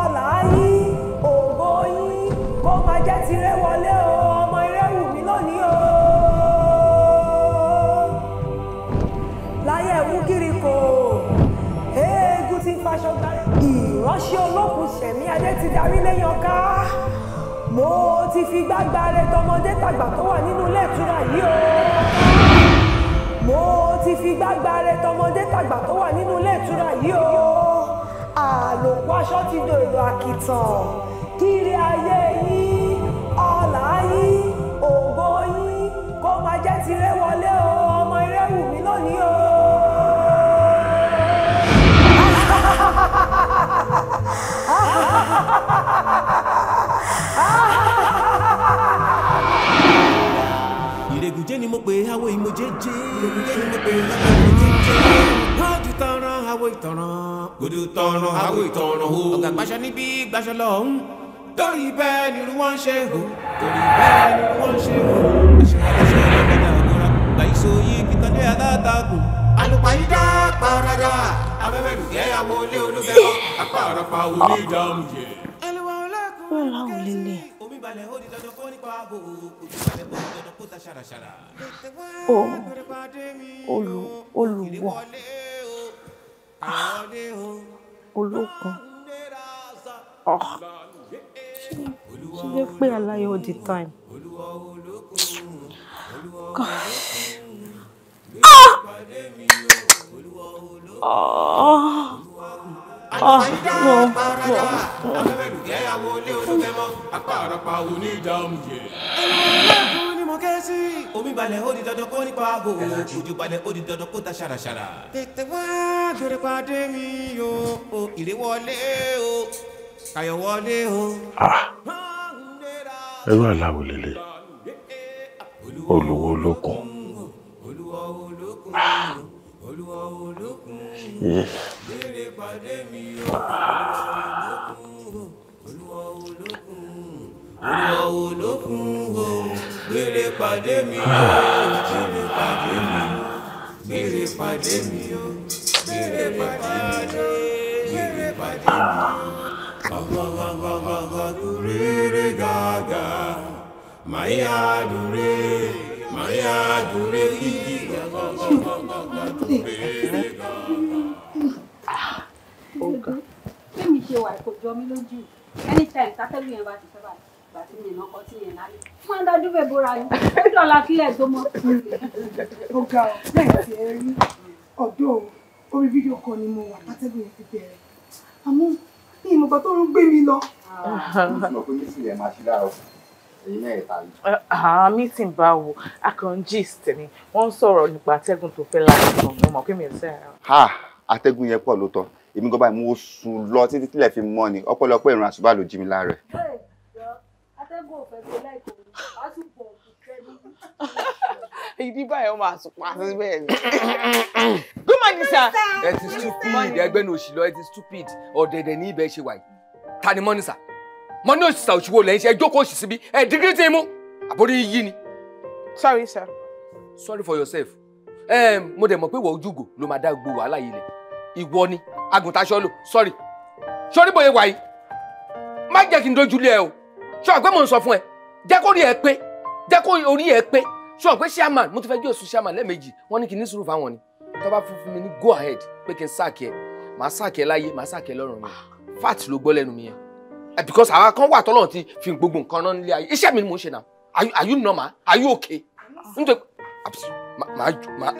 ọlà yín ògo yín kó máa jẹ́ tirẹ̀ wọlé o ọmọ irẹ́wù mi lónìí o. láyé ẹ̀wú kiri kò eégún ti faṣọ gbára ìránṣẹ́ olókùn sẹ̀mí adé ti darí léyàn ká mo ti fi gbágbá rẹ tọmọdé tàgbà tó wà nínú ilé ìtura yìí o ti fi gbágbá rẹ tọmọdé tàgbà tó wà nínú ilé ìtura yìí o àlòkù aṣọ ti do èrò àkìtàn kiri ayé yín ọlà yín ògo yín kó máa jẹ́ tirẹ̀ wọlé o ọmọ irẹ́wù mi lónìí o. ha ha ha ha ha ha ha ha ha ha ha ògùnjẹ́ ni mo pè awo ìmọ̀jẹ́jẹ́ ògùnjẹ́ ni mo pè awo ìmọ̀jẹ́jẹ́ ojú tọrọ awo ìtọ̀ràn ojú tọrọ awo ìtọ̀ràn o ọ̀gá gbaṣọ níbí gbaṣọ lọ́hùn torí bẹ́ẹ̀ ni wọ́n ṣe hù torí bẹ́ẹ̀ ni wọ́n ṣe hù àṣàkóso ọlọ́dà ọ̀gọ́ra gbàyìíso yìí kìtọ́lé aláàtàkùn alùpàyídá pàrọ̀dà abẹ́fẹ́ dùgẹ́ àwọlé olúfẹ́ apá àràpà onídàámu yẹ. ẹ lè wà ọlọ́kùnrin. wọ́n làwọn lè lè balẹ̀ ó di dandan kó nípa ààbò òbí balẹ̀ ó di dandan kó ta ṣàràṣàrà. o olù olùwọ olókun ṣe lè pé aláyọ̀ all the time. Gosh. Ah! Oh àyíká parada àfẹ́fẹ́lùkẹ́ ẹrú aláwọ̀ lélẹ̀ olókun. Ah pàdé mi o olúwa olókun olúwa olókun o gbére pàdé mi o gbére pàdé mi o gbére pàdé mi o gbére pàdé mi gbére pàdé mi ṣe wà kò jọ mí lójú anytime tátẹ́lù yẹn bá ti fẹ́ báyìí ìgbà tí mi lọ́kọ́ sí yẹn lálẹ́ wọ́n á dájú bẹ́ẹ̀ bóra ni ó dọ̀la kílẹ̀ tó mọ́. ó ga ọ lẹ́yìn tí ẹ rí ọ̀dọ́ orí fídíò kan ni mo wà tátẹ́lù yẹn fi bẹ̀rẹ̀ àmọ́ ní ìmọ̀gbà tó ń gbé mi lọ. Ah. mo kò ní sí ẹ̀ máa ṣe dára o ẹ̀yin náà ẹ̀ta yìí. àhán meeting bá wo akàn gist ni wọ́n ń sọ̀rọ̀ nípa atẹ́gùn tó fẹ́ láti sàn mo mọ̀ pé mi ò sẹ́yà. atẹ́gùn yẹn pọ̀ ló tọ́ èmi gan báyìí mo sùn lọ títí tílẹ̀ fi mọ́ ni ọ̀pọ̀lọpọ̀ ìrun àṣùbà ló jí mi láàárẹ̀. ìdí báyọ̀ máa sùn pa sí bẹ́ẹ̀ ni. good morning sir. ẹ ti stupid ẹgbẹ́ ní òṣìlọ ẹ ti stupid ọ̀dẹ̀dẹ̀ ní ibẹ̀ ṣe wáyé ta ni mọ́nísà mọ́ní òṣìṣà òṣìwò lẹ́yìn ṣe jókòó òṣìṣì bí ẹ dígírí tí mú àbórí yí ni. sorry sir. sorry for yourself. mo dẹ̀ mọ̀ pé ìwọ ojúgo ló máa dá gbogbo wàhálà yìí lẹ̀ ìwọ ni agùntàṣọ́lò sọ́rí sọ́rí bóyá wàyí má jẹ́ kí n dojú lé ẹ o sọ àgbẹ̀ mò ń sọ fún ẹ jẹ́ kó rí ẹ pé jẹ́ kó orí ẹ pé sọ àgbẹ̀ chairman mo ti fẹ́ jẹ́ oṣù chairman lẹ́ẹ̀mejì wọ́n ní kí ní sùúrù fáwọn ni tó bá fún mi ní go ahead pé kí n sáàkì ẹ màá sáàkì ẹ láyé màá sáàkì ẹ lọ́rùn mi fat ló gbọ́ lẹ́nu mi yẹn eh, because àwa kan wà tọ́lọ́run ti fi gbogbo nǹkan náà nílé ayé iṣẹ́ mi ni mò ń ṣe náà are you normal are you okay nítorí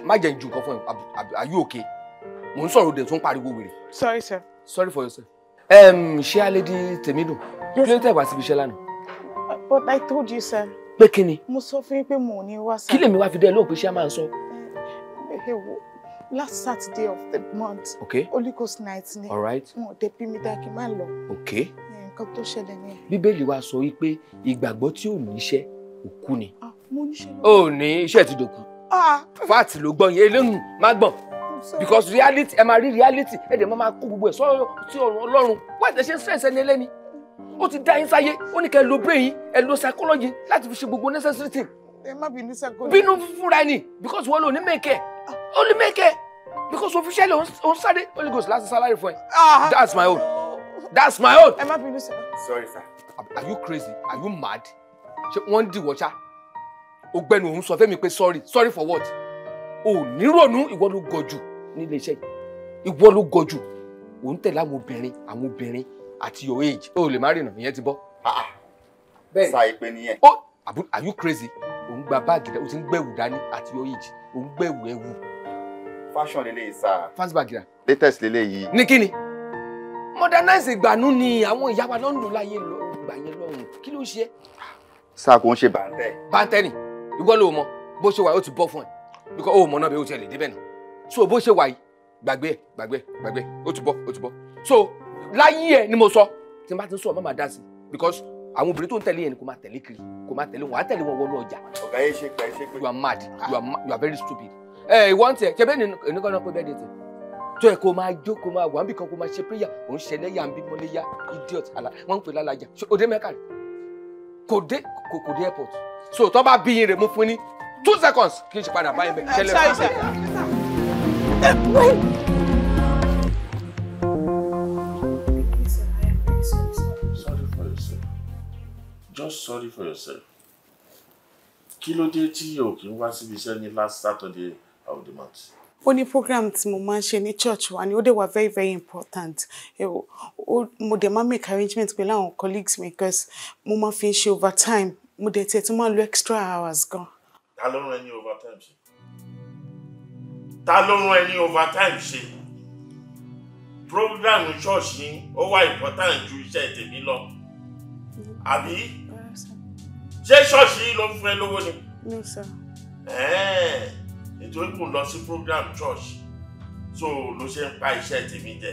má jẹ́ ju nǹkan fún ẹ are you okay mò ń sọ̀rọ̀ òde tó pariwo wèrè. sorry sir. sorry for yourself. ṣé alédi tèmi dùn kí ló tẹ̀ wá síbi iṣẹ́ lánàá. Uh, but i told you sir. pé kí ni. mo sọ fún yín pé mo ò ní wá sá. kí lèmi wá fi dé lóòpin ṣé a máa ń sọ. ẹ eh, eh, last saturday of the month. okay holy ghost night ni. all right. wọn ò dé bí mi dá kí n má lọ. okay. Eh, nǹkan tó ṣẹlẹ̀ ni. bíbélì wa sọ wípé ìgbàgbọ́ tí ò ní iṣẹ́ òkú ni. Ah, mo ní iṣẹ́ lọ. ò ní iṣẹ́ ti dòkú. Ah. fáàtì ló gbọ́ yẹn eléyìí má gbọ̀n because reality ẹ máa rí reality ẹ dẹ̀ máa kó gbogbo ẹ̀ sọ́ọ́ sí ọ̀rọ̀ ọlọ́run wọ́n ti ṣe ń stress ẹni ẹlẹ́ni ó ti dá yín sáyé ó ní kẹ́ ẹ lo brain yín ẹ lo psychology láti fi ṣe gbogbo necessary thing. ẹ má bínú psychology. bínú fúnra ẹni because wọn lò ní mẹ́kẹ́ ó ní mẹ́kẹ́ because officially òun sáré Holy Ghost last salary for ẹ ah. that's my own that's my own. ẹ má bínú sir. sorry sir. are you crazy are you mad ṣé wọ́n dì wọ́ṣá ọ̀gbẹ́ni òun sọ fẹ́mi pé sorry sorry for what ò ní ronú ìwọ ló nílé iṣẹ́ yìí ìwọ ló gọjù òun tẹ̀lé àwọn obìnrin àwọn obìnrin àti your age o lè má rìnà ìyẹn ti bọ́. Ah, ah. bẹ́ẹ̀ sa ìpè nìyẹn. ó àbú are you crazy òun gba báàgì o ti ń gbẹ̀wù dání àti your age òun gbẹ̀wù ẹ̀wù. fashion lele yìí sá. fast bag ra. latest lele yìí. ní kíni modernize ìgbàanú ni àwọn ìyá wa lọ́nà láyé ìgbà yẹn lọ́rùn kí ló ń ṣe. sá kò ń ṣe bàǹtẹ. bàǹtẹ ni ìwọ ló mọ bó ṣe wà ó ti bọ́ fún ẹ bíkọ́ ó mọ náà bí ó ti ẹ̀ lè débẹ̀ náà so bó ṣe wà yìí gbàgbé ẹ gbàgbé ẹ gbàgbé ẹ ó ti bọ ó ti bọ so láyé ẹ ni mo sọ tí n bá ti sọ ọmọ màá dá sí because àwọn obìnrin tó ń tẹ̀lé yẹn ni kò máa tẹ̀lé kiri kò máa tẹ̀lé wọn á tẹ̀lé wọn wọnú ọjà. ọ̀gá yẹn ṣe pé ṣe pé. you are mad you are, you are very stupid. ẹ ìwọ ń tẹ ṣe bẹ́ẹ̀ ni oníkan náà pé bẹ́ẹ̀ ni tẹ tó ẹ kó máa jó kó máa wà níbi kan máa ṣe péyà òun ṣẹlẹ̀ yà ń bí mọ́lé yá idiot Ala, wọ́n ń pè lálàjà òde mẹ́ka rẹ̀ kò dé kò kò dé airport so tó bá bí yín rè mú fún ní two seconds kí n ṣe padà báyìí bẹ́ẹ̀ ṣẹlẹ̀ fún mi. Sorry for yourself. Just sorry for yourself. Kí ló dé tí o kì í wá síbi iṣẹ́ ní last Saturday of the month? Ó ní program tí mo máa ń ṣe ní church wa ni ó dẹ̀ wá very very important. Mo dẹ̀ máa make arrangement pẹ̀lú àwọn colleagues mi because mo máa fi ń ṣe overtime. Mo dẹ̀ tiẹ̀ tún máa lo extra hours gan. Ta ló ń rẹ ní overtime ṣe? ta ló rán ẹni overtime ṣe program ṣọ́ọ̀ṣì ó wá important ju iṣẹ́ tèmi lọ àbí ṣé ṣọ́ọ̀ṣì ló ń fún ẹ lówó ni. No, sir. Eh, nítorí kò lọ sí program church so ló ṣe ń pa iṣẹ́ tèmi jẹ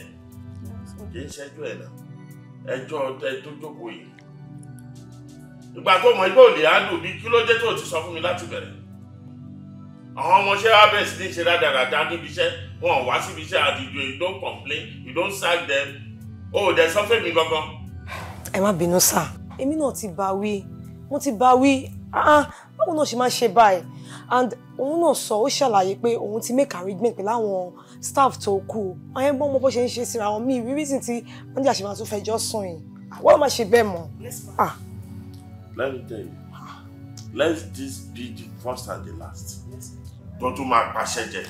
kì í ṣẹ́jú ẹ̀ náà ẹjọ́ ọtẹ tó jókòó yìí ìgbà tó mọ̀ ẹgbẹ́ òde àádùn bí kí ló dé tó ti sọ fún mi láti bẹ̀rẹ̀ àwọn ọmọọṣẹ́ wa bẹ̀rẹ̀ sí ní ṣe rádaràda níbi iṣẹ́ wọn ò wá síbi iṣẹ́ àdìjọ you don't complain you don't sack them o ò dẹ̀ sọ fún mi gangan. ẹ má bínú sá èmi náà ti bá wí mo ti bá wí ah, ah, báwo náà ṣe máa ṣe báyìí and òun náà sọ ó ṣàlàyé pé òun ti make arrangement pẹ̀lú àwọn staff tó kù ọyẹn gbọ́n mo bó ṣe ń ṣe síra wọn míì reason tí wọ́n dí àṣemá tó fẹjọ́ sùn yìí wọ́n máa ṣe bẹ́ẹ̀ mọ́. Ah. let me tell you let this be the first and the last tó tún máa pàṣẹ jẹ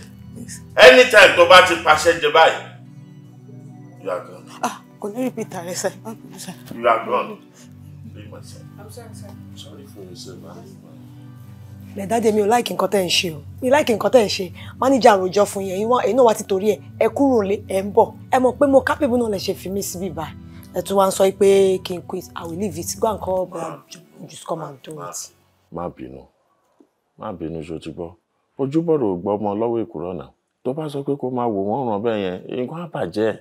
anytime tó bá ti pàṣẹ jẹ báyìí you are gone. ah kò ní repeat rẹ sẹ. you are gone. i'm sorry sir. sorry for yourself man. lẹ dáde mi ò láìkí nǹkan tẹ́ ń ṣe o mi láìkí nǹkan tẹ́ ń ṣe máníjà àròjọ fún yẹn ìwọ ẹ̀yin náà wá ti torí ẹ ẹ kúrò lé ẹ ń bọ̀ ẹ mọ̀ pé mo kápẹ́bù náà lè ṣe fi mí síbí báyìí ẹ tún wá ń sọ pé kí n quit i will leave it go and call bra just come and do it. má bínú má bínú ṣó ti gbọ́ ojúbọ̀rọ̀ ò gbọ́mọ lọ́wọ́ èkùrọ́ náà tó bá sọ pé kó máa wò wọ́n ràn bẹ́ẹ̀ yẹn nǹkan á bàjẹ́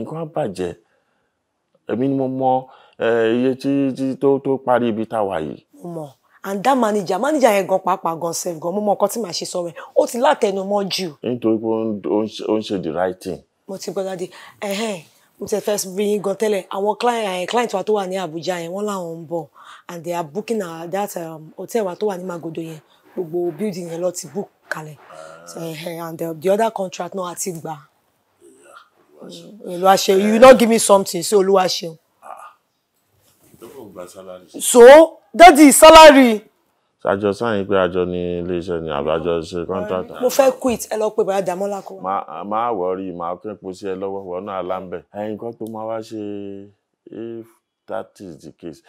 nǹkan á bàjẹ́ èmi ni mo mọ iye tí tó parí ibi tá a wà yìí. mo mọ and that manager manager yẹn gan pàápàá gan sef gan mo mọ nǹkan tí màá ṣe sọ̀rọ̀ ẹ ó ti látẹnumọ́ jù. nítorí pé ó ń ṣe the right thing. mo ti gbọ́dọ̀ di ẹ̀hẹ́n mo ti fẹ́ rí yín gan tẹ́lẹ̀ àwọn eh, client wa tó wà ní Abuja yẹn wọ́n láwọn ń bọ̀ and they are booking our that um, hotel wa tó wà ní Magodo yẹn gbogbo building yẹn lọ ti book kalẹ̀ so, uh, and uh, the other contract náà àti gbà olúwa ṣeun you no give me something so olúwa ṣeun. so dadi salary. àjọ sáyìn pé àjọ ní iléeṣẹ́ ni àbájọ ṣe kọ́ńtàtà. mo fẹ́ quit ẹ lọ pé bàbá Dàmọ́lá kọ́. máa wọrí máa kún epo sí ẹ lọ́wọ́ wọnú àlámbẹ̀. ẹyin kan tó máa wá ṣe if that is the case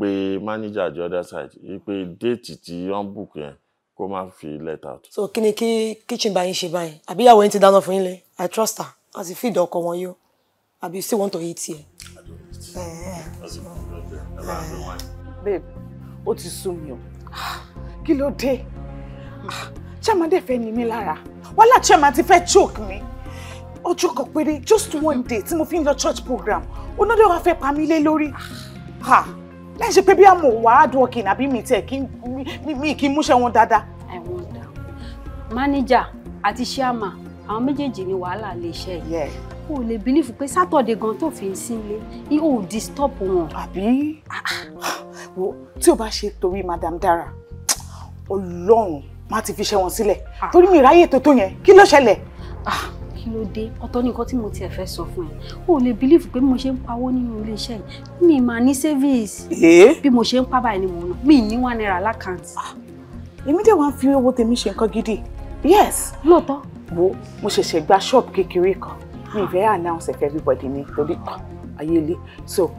pé manager the other side pé déètì tí wọ́n book yẹn kó má fi let out. so kí ni kí kitchen bá yín ṣe báyìí àbí ìyàwó yín ti dáná fún yín lé i trust her as if feed ọkọ wọn yó àbí you still want to eat here. Eh, eh, eh. babe ó ti sú mi o kí ló dé ah, chamade fẹ́ ni mi lára wàhálà chairman ti fẹ́ choke mi ọjọ́ kan péré just one day tí mo fi ń lọ church program onáde wa fẹ́ pa mí lé lórí. Ah, láì ṣe pé bí àmọ̀ wà á dùn ọkìn àbí mi tẹ̀ kí múṣẹ́ wọn dáadáa. I wonder. manager àti ṣíàmà àwọn méjèèjì ni wàhálà lè ṣe yìí o lè bílífù pé sátọ̀dẹ̀ gan tó fi ń sílé o disturb wọn. àbí wo tí o bá ṣe torí madam dara ọlọ́run má ti fi ṣe wọn sílẹ̀ ah. torí mi ráyè tó tó yẹn kí ló ṣẹlẹ̀. Ah kí ló dé ọ̀tọ̀ ní nǹkan tí mo tiẹ̀ fẹ́ sọ fún ẹ o ò lè bílíìfù pé bí mo ṣe ń pawó nínú iléeṣẹ́ yìí mi máa ní savings bí mo ṣe ń pa báyìí ni mò ń mi ní one naira lákàntì. Ah, èmi dẹ̀ wá ń fi owó tèmi ṣe nǹkan gidi yes. lóòótọ́. wo mo ṣẹ̀ṣẹ̀ gba ṣọ́ọ̀bù kékeré kan mi ìfẹ́ announce ẹ̀fẹ́ everybody ni torí ah, ayé ilé so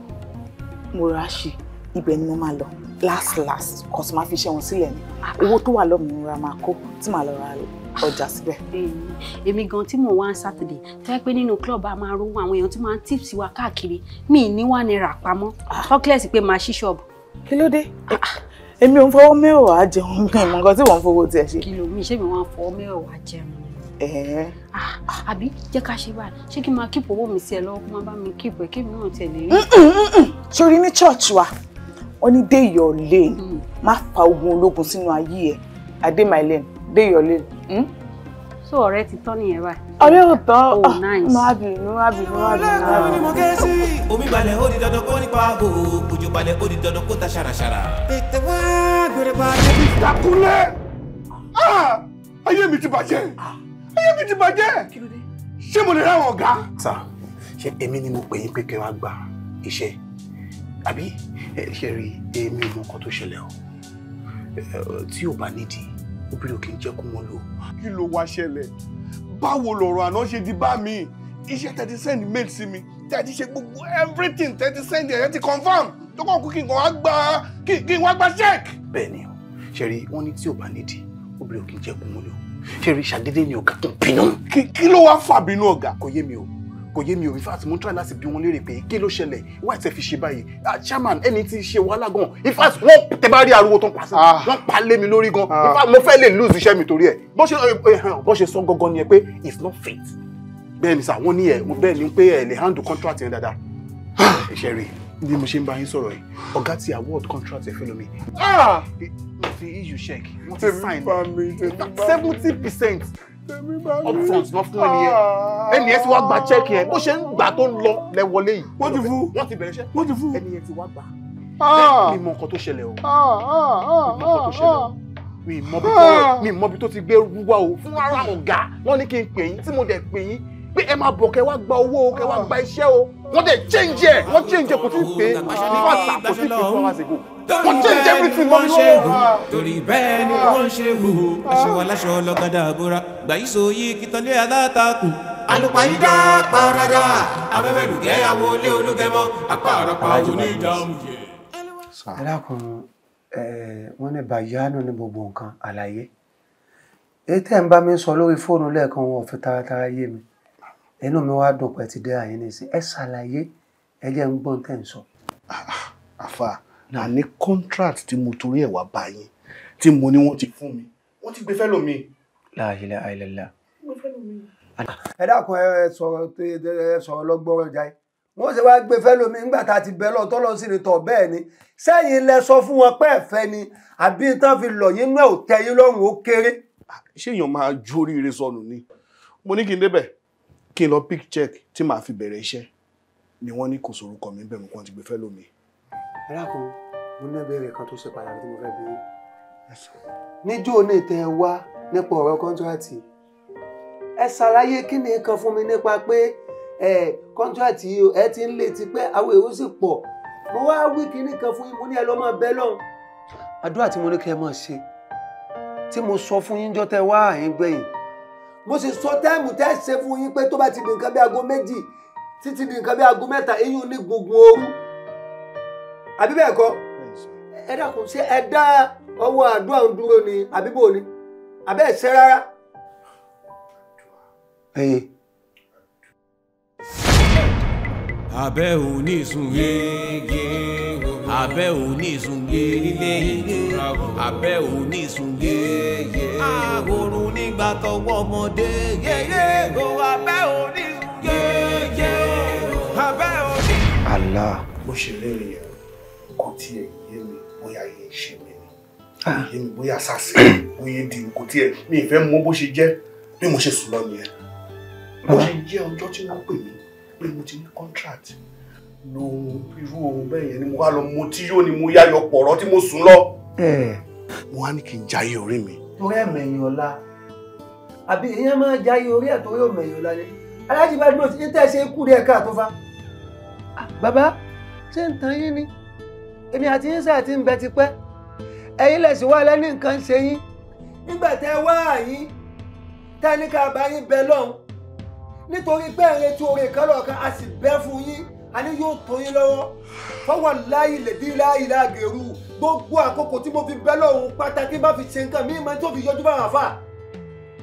mo ra ṣe ibẹ̀ ni mo máa lọ last last kan tí máa fi ṣe wọn sílẹ̀ ni owó tó wà lọ́mìnira ra máa kó tí màá lọ ra ọjà síbẹ̀. èmi gan tí mò ń wá on Saturday tó yẹ pé nínú club a máa rówó àwọn èèyàn tí máa ń tips wa káàkiri mi ní wà náírà pamọ́ ah. tọ́kílẹ̀sì pé máa ṣí ṣọ́ọ̀bù. kí ló dé ah. èmi ò ń fọwọ́ mẹ́wàá jẹun mi ìmọ̀ nǹkan tí wọ́n ń fowó tiẹ̀ ṣe. kí ló mi ṣé mi wọ́n á fọwọ́ mẹ́wàá jẹun ah, àbí jẹ́ ká ṣe báyìí ṣé kí n máa kíp owó mi sí ẹ lọ́wọ́ kó máa bá mi kíp ẹ kí èmi náà tẹ̀lé rí. sórí ní church wa wọ́n ní dé your lane hmm. má fa ogun ológun sínú ayé ẹ̀ adé my lane dé your lane. Hmm? so ọ̀rẹ́ ti tán nìyẹn báyìí. ọ̀rẹ́ ò tán máa bì ní máa bì ní máa bì ní máa bì ní. omi balẹ̀ ó di dandan kó nípa ààbò òjò balẹ̀ ó di dandan kó ta ṣàràṣàrà. tètè wá gbèrè bá a. ìdákúnlẹ̀ ah! ayé mi ti bàjẹ́ ayé mi ti bàjẹ́ ṣé mo lè ráwọn ọ̀gá. sà ṣé èmi ni mo pè yín pé kẹ́ wá gba iṣẹ́ àbí ṣe rí èmi ò mọ nǹkan tó ṣẹlẹ̀ o tí ò bá nídìí obìnrin ò kì í jẹ́ kó wọn lò. kí ló wá ṣẹlẹ̀ báwo lọ̀rọ̀ àná ṣe di bá mi iṣẹ́ tẹ́tí send mail sí mi tẹ́tí ṣe gbogbo everything tẹ́tí send ẹ̀yẹ́ ti confirm tó kàn kú kí n wá gba kí n wá gba check. bẹ́ẹ̀ni o ṣe rí wọn ní tí ò bá nídìí obìnrin ò kì í jẹ́ kó wọn lò ṣe rí ṣàdédé ni ọ̀gá tó bínú. kí ló wá fàbínú ọ̀gá kò yé mi o kò yé mi ò in fact mo ń try láti bí wọn léèrè pé kí ló ṣẹlẹ̀ why tẹ fi ṣe báyìí ah, chairman ẹni tí ṣe wàhálà gan in fact wọn tẹ bá rí ariwo tó ń pa sí ah. wọn pa lé mi lórí gan in ah. fact mo fẹ́ lè lose iṣẹ́ mi torí ẹ̀ bó ṣe eh, eh, eh, bó ṣe sọ gangan ni ẹ pé it's not fit bẹ́ẹ̀ ni sà wọ́n ní ẹ̀ bẹ́ẹ̀ ni pé ẹ lè handle contract yẹn dáadáa iṣẹ́ rẹ̀ bí mo ṣe ń bá yín sọ̀rọ̀ yìí ọ̀gá ti award contract ẹ̀ fẹ́ lómi. mo ti eu check mo ti sign seventy percent upfront lọ fún ẹni yẹn ẹni yẹn ti wá gba check yẹn bó ṣe ń gbà tó ń lọ lẹ wọlé yìí wọ́n ti fún wọ́n ti bẹ̀rẹ̀ iṣẹ́ wọ́n ti fún ẹni yẹn ti wá gbà ah. mi mọ nǹkan tó ṣẹlẹ̀ o ah, ah, mi mọ nǹkan tó ṣẹlẹ̀ o mi mọ bí tó mi mọ bí tó ti gbé wúwa o fún ara ọ̀gá wọ́n ní kí n pè yín tí mo dẹ̀ pè yín pé ẹ máa bọ̀ kẹ́ wá gba owó o kẹ́ wá gba iṣẹ́ o wọ́n dẹ̀ change ẹ̀ wọ́n change kò tí ì pé nípa àtà kò tí ì pé four hours wọ́n change everything mọ́ mi lọ́wọ́. torí bẹ́ẹ̀ ni wọ́n ṣe hù aṣọ aláṣọ ọlọ́kadà àbúrà gbàyíso yìí kìtọ́lé alátakùn. alùpàyídá paradà abẹ́fẹ́ lùgẹ́ àwọn olé olúgẹmọ apá àràpà onídàámu yẹ. ẹ dákun ní bàyánù ní gbogbo nǹkan àlàyé èyí ń bá mi sọ lórí fóònù lẹ́ẹ̀kan wọn ò fi taratara yé mi ẹnu mi wá dùn pé ti dé àyín nísìn ẹ ṣàlàyé ẹ jẹ́ ń gbọ́n tẹ̀ ń sọ. Ah, ah, àfà àní contract tí mo torí ẹ̀ wá bá yín tí mo ní wọ́n ti fún mi wọ́n ti gbé fẹ́ lómi. láàyèlá àìlèlá. ẹ dákun ẹ sọ̀rọ̀ ẹ sọ̀rọ̀ lọ́gbọ́rọ̀ jáì wọ́n ṣe wá gbé fẹ́ lómi nígbà tá a ti bẹ̀ lọ tọ́lọ́ sí ni tọ̀ bẹ́ẹ̀ ni sẹ́yìn lẹ sọ fún wọn pé ẹ̀fẹ́ ni àbí tán fi lọ̀ yín náà ò tẹ́ lọ́rùn ó kéré. Ah, ṣé èèyàn máa ju oríire sọnù ni mo ní kí n débẹ̀ kí n lọ pick check tí màá fi bẹ̀rẹ̀ iṣẹ́ ni wọ́n ní kò sórúkọ mi bẹ̀rù kan ti gbé fẹ́ lómi. ẹ dákun mo ní ìbéèrè kan tó ṣe pàtàkì tí mo fẹ́ béèrè. níjó ní tẹ wá nípa ọ̀rọ̀ kọ́ńtíráàtì ẹ ṣàlàyé kí ni kan fún mi nípa pé ẹ kọ́ńtíráàtì ẹ ti ń lè ti pẹ́ àwọn èrò sì pọ̀ mo wá wí kíní kan fún yín mo ní ẹ lọ máa bẹ lọ́hùn. àdúrà tí mo ní kẹ́ ẹ máa ṣe tí mo sọ fún yín jọ́tẹ̀ wá àyín mo sì sọ táìmù tẹ́ ṣe fún yín pé tó bá ti di nǹkan bí aago méjì títí di nǹkan bí aago mẹ́ta eyín ní gbogbo ooru àbí bẹ́ẹ̀ kọ́ ẹ dákun ṣé ẹ dá ọwọ́ àdúrà ń dúró ni àbí bò ni àbẹ́ ẹ̀ ṣe rárá. abẹ́ ò ní sùn yéé yéé wò abẹ́ òní ìsúnjẹ nílé ilé abẹ́ òní ìsúnjẹ àwòrán nígbà tọwọ́ ọmọdé yẹ́yẹ́ o abẹ́ òní yẹ́yẹ́ abẹ́ òní. àlá bó ṣe lérí ẹ kò tiẹ̀ yé mi bóyá yé ṣe mi ni ah. yé mi bóyá sàṣẹ bóyá di kò tiẹ̀ mi ìfẹ́ mọ̀ bó ṣe jẹ́ bí mo ṣe sùn lọ nìyẹn bó ṣe jẹ́ ọjọ́ tí wọ́n pè mí pé mo ti ní contract lo ohun irú ohun bẹ́ẹ̀ yẹn ni mo wá lọ mo tí yóò ni mo yáyọ pọ̀rọ̀ tí mo sùn lọ. mo wá ní kí n jayé orí mi. torí ẹ̀mẹ̀yìn ọ̀la àbí èèyàn máa jayé orí ẹ̀ torí ẹ̀mẹ̀yìn ọ̀la ni aláàjì bá dúró sí tẹ́ ẹ ṣe kú rí ẹ̀ káà bàbá ṣé ń tan yín ni èmi àti yín sáà ti ń bẹ tipẹ́ ẹ̀yin lẹ̀ sì wá lẹ́ni nǹkan ṣe yín nígbà tẹ́ wá yín tẹ́ ní ká bá yín bẹ lọ́hùn nítorí pé ẹ̀rẹ́ tí oore kan lọ́ọ̀kan a sì bẹ́ fún yín a ní yóò tó yín lọ́wọ́ fọwọ́ láyé lèdí láyé láàgẹ̀rù gbogbo àkókò tí mo fi bẹ́ lọ́hùn pàtàkì bá fi ṣe nǹkan mí máa tó fi yọjú bá wàá fà.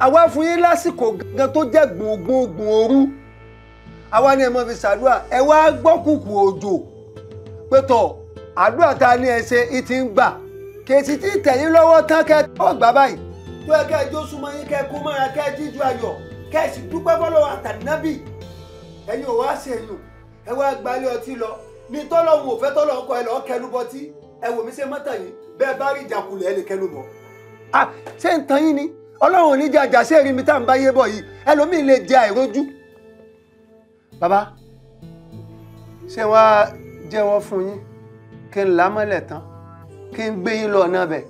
àwa fún yín lásìkò gangan tó jẹ́ gbùngbùngbùn ooru àwa ni ẹ máa fi ṣàdúrà ẹ wá gbọ́ kùkù òjò pé tọ̀ àdúrà tá a ẹ ṣe é ti ń gbà kèsì tí tẹ̀yìn lọ́wọ́ tán kẹ́ tó gbà báyìí. tó ẹ kẹ́ ẹ jó súnmọ́ yín kẹ́ ẹ kó mọ́ra kẹ́ jíjú ayọ̀ kẹ́ sì dúpẹ́ bọ́lọ́wọ́ àtàlínábì ẹ̀yin ò wá ṣèyàn ẹ wá gbalé ọtí lọ ní tọ́lọ́hún ò fẹ́ tọ́lọ́hún kọ ẹ lọ́ọ́ kẹnu bọtí ẹ wò mí ṣe mọ́tà yìí bẹ́ẹ̀ bá rí ìjàkulẹ̀ ẹ lè kẹnu bọ̀. a ṣé ń tan yín ni ọlọ́run ò ní jẹ àjàṣe rí mi tá à ń bá yé bọ̀ yìí ẹlòmíì lè jẹ àìrójú. bàbá ṣé wàá jẹ́wọ́ fún yín kí n lámọ́lẹ̀ tán kí n gbé yín lọ ọ̀nà bẹ̀.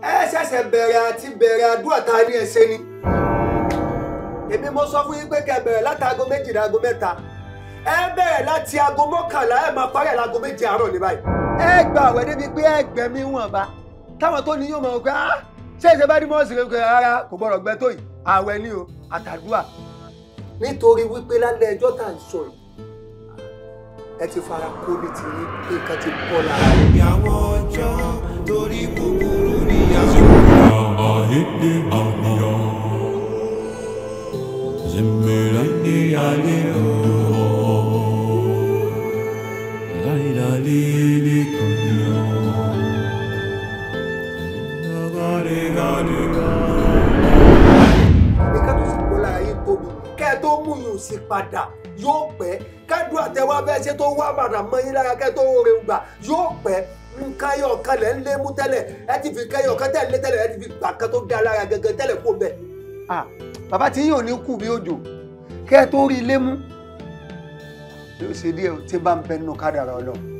ẹ ṣẹ̀ṣẹ̀ bẹ̀rẹ̀ àti bẹ̀rẹ̀ àdúrà tá a ní ẹ ṣe ni èmi mo sọ fún yín pé kẹ́ bẹ̀rẹ̀ látàgọ́ méjìlá àgọ́ mẹ́ta ẹ bẹ̀rẹ̀ láti aago mọ́kànlá ẹ máa parí àlago méje àárọ̀ ní báyìí. ẹ gbà wẹ̀ débi pé ẹ gbẹ̀mí wọn bá táwọn tó ní yóò mọ̀ pé ah, ṣé ìṣe bá dé mọ́ọ̀sì rẹ̀ rárá kò gbọ́dọ̀ gbẹ tó yìí àwẹ̀ ni o àtàdúrà. nítorí wípé lálẹ́ ẹjọ́ tá à ń sọ yìí ẹ ti fara kó ní ti ní pé nǹkan ti pọ̀ lára. ìyàwó ọjọ́ torí kúkúrú níyàwó. bàbá èdè àbíyàn zèmèrè ní alẹ́ o. sì padà yóò pẹ́ kádùn àtẹwá bẹ́ẹ̀ ṣe tó wá padà mọ yín lára kẹ́ tó rè gbà yóò pẹ́ nǹkan ẹyọ kan lẹ̀ ń lé mú tẹ́lẹ̀ ẹ ti fi kẹyọ kan tẹ́lẹ̀ lé tẹ́lẹ̀ ẹ ti fi gbà kan tó dá lára bàbá tí yóò ní kù bí òjò kẹ́ tó rí ilé mú yóò ṣe díẹ̀ tí bá ń bẹ kádàrá ọlọ́run.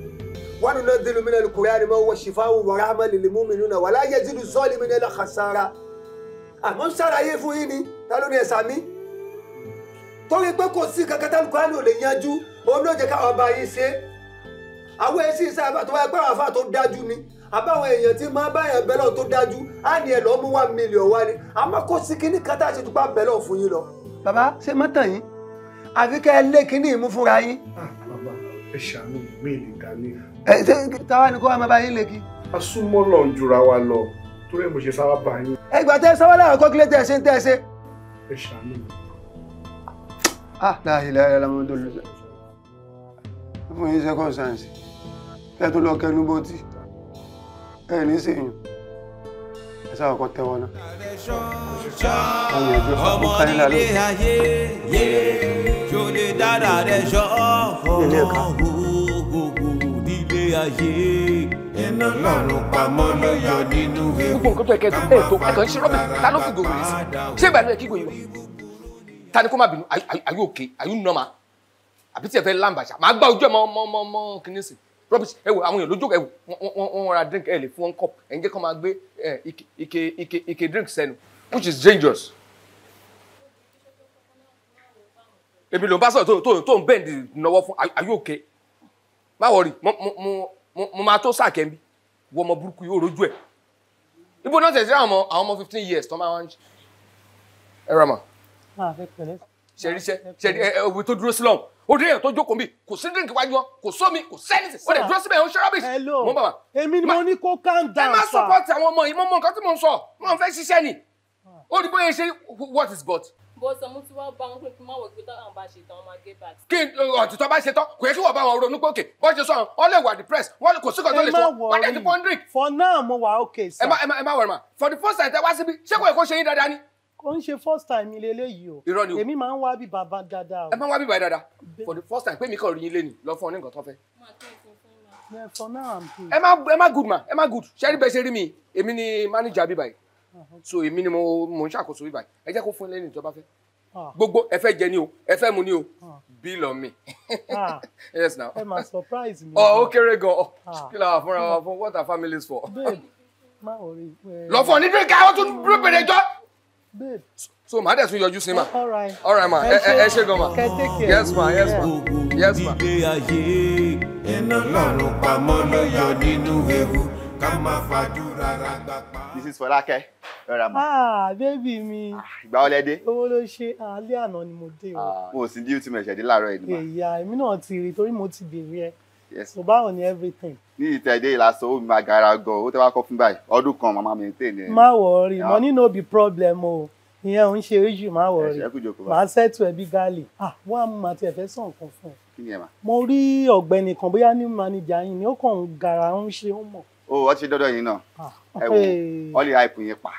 وننزل من القرآن ما هو شفاء ورحمة للمؤمنين ولا يزيد الظالمين إلا خسارة àmọ́ ń ṣàlàyé fún yín ni ta ló ní ẹ̀sà mi torí pé kò sí kankan tálùkù àná ò lè yanjú òun ló jẹ́ káwọn ọba yìí ṣe àwọn èsì ìsáàbà tó wáyé pé àwọn àfáà tó dájú ni àbáwọn èèyàn tí máa bá èèyàn bẹ́lọ̀ tó dájú á ní ẹ̀ lọ́ mú wá mílíọ̀n wá ni àmọ́ kò sí kíní kan tá a ṣe tó bá bẹ́lọ̀ fún yín lọ. bàbá ṣe yín àfi kẹ́ ẹ lé kíní ìmú fúnra yín. bàbá ẹ ṣàánú mi ìlú dání táwa ni kó wa máa bá yín lè kí. a súnmọ́ lọ jura wa lọ torí mo ṣe sáwá bá yín. ẹgbà tẹ sáwá láwọn kọ́ kílẹ̀ tẹ̀ ṣe ń tẹ̀ ṣe. ẹ ṣàánú mi. ah láàyè láàyè láwọn tó lọ sí. fún yín second chance kí ẹ tó lọ kẹnu bó ti ẹ ní sèyàn ẹ sáwọ kọ tẹwọ náà. ọmọ nílé ayé yé jòlè dára rẹ ṣọ́ ọ̀hún ayé. iná lọ́run pamọ́ ló yọ nínú ewu. gbogbo nǹkan tó yẹ kẹ́ ẹ tó ẹ kàn ń ta ló fi gòrò sí ṣé ìgbà ló kí gòrò rẹ̀ ta ni kó má bínú are you okay are you normal àbí tí ẹ fẹ́ láǹbàṣà máa gbá ojú ẹ mọ́ kìíní sí rubbish ẹ wo àwọn èèyàn lójú ẹ wo wọn ra drink ẹ lè fún wọn cup ẹ ń jẹ́ kó máa gbé ike ike ike drink sẹ́nu which is dangerous. èmi ló ń bá sọ̀rọ̀ tó tó ń bẹ́ẹ̀ ní ìnáwó fún are you okay má wọrí mo máa tó sáà kẹ́ńbí wọ ọmọ burúkú yìí ó rojú ẹ̀ ibo náà tẹ̀sí àwọn ọmọ fifteen years tó máa ń ṣe ẹ rà mà. ṣẹ̀rí ṣẹ̀rí òwe tó dúró sí lọ́hùn ó dé èèyàn tó jókòó mi kò sí dínkì wájú wọn kò sómi kò sẹ́ni ó lè dúró síbẹ̀ ó ń ṣe rọ́bìsì mo bàbà. èmi ni mo ní kó calm down sir. ẹ má support àwọn ọmọ yìí mo mọ nǹkan tí mo ń sọ mo ń fẹ́ ṣiṣẹ́ ni ah. ó ní bóyá ṣe what is but bọ́sọ̀ mú ti wá bá wọn pé kí n má wọ pé táwọn bá ṣe uh, tán wọn máa gé bá. kí ọ̀títọ́ bá ṣe tán kò yẹ kí wọ́n bá wọn ronú pé òkè wọ́n ṣe sọ̀rọ̀ wọ́n lè wà depressed wọ́n kò sí kan tó lè fọ́ wọ́n dẹ̀ ti pọ́ndrì. for now mo wà ok sir. ẹ má wọ̀rọ̀ mà for the first time tẹ wá síbi ṣé kò yẹ kó ṣe yín dáadáa ni. kò ń ṣe first time ilé eléyìí o irọ́ ni o èmi máa ń wá bí bàbá dáadáa o. ẹ máa ń wá bí bàbá dáadáa for the first time pé mi kàn rí yín lé ni lọ fún ọ ní nǹkan tó fẹ́. ẹ má good ma ẹ má good ṣẹ́rí so èmi ni mo mo ń ṣàkóso bíbá ẹ jẹ́ kó fún lẹ́yìn tó bá fẹ́ ah. gbogbo ẹ fẹ́ jẹ ni o ẹ fẹ́ mu ni o bill on me yes now ẹ máa surprise mi. ọ oh, ó kéré gan ọ ah. kí la wà fúnra wa fún what are families for. lọ fún ọ ní dírẹ́kà ó tún dúró jọ. so màá dẹ̀ tún yọjú sí ma all right all right ma ẹ ṣe gan ma yes ma yes ma yes ma. iná lọ́rùn pamọ́ ló nínú ewu ká má fàdúrà rágbà pa. This is Fọlákẹ́ lọ́ra mọ̀. ah bébì mi. Ah, ìgbà wọlé dé. owó ló ṣe alẹ́ àná ni mo dé o. mo ah, sì dí tí mo ṣẹ̀ dé láàárọ̀ ìdìbò. èyà èmi náà ti rí torí mo ti bèrè ẹ. yes mo báwo ni everything. ní ìtẹ̀dé ìlàsọ ó máa gara gan owó tẹ́ wá kọ́ fún báyìí ọdún kan màmá mi tè ní. má wọrí ah. money no be problem o ìyẹn ò ń ṣe oríṣi má wọrí màá ṣètò ẹbí gálì ah wọn á mú àti ẹ̀fẹ́ sàn kan fún ẹ. mo rí ọ̀gbẹ́ni kan bóyá ní manager yìí ni ó kàn ń gara ń ṣe ó mọ̀. o ọtí dọdọ yìí náà ẹ wò ọ lè hype yẹn pa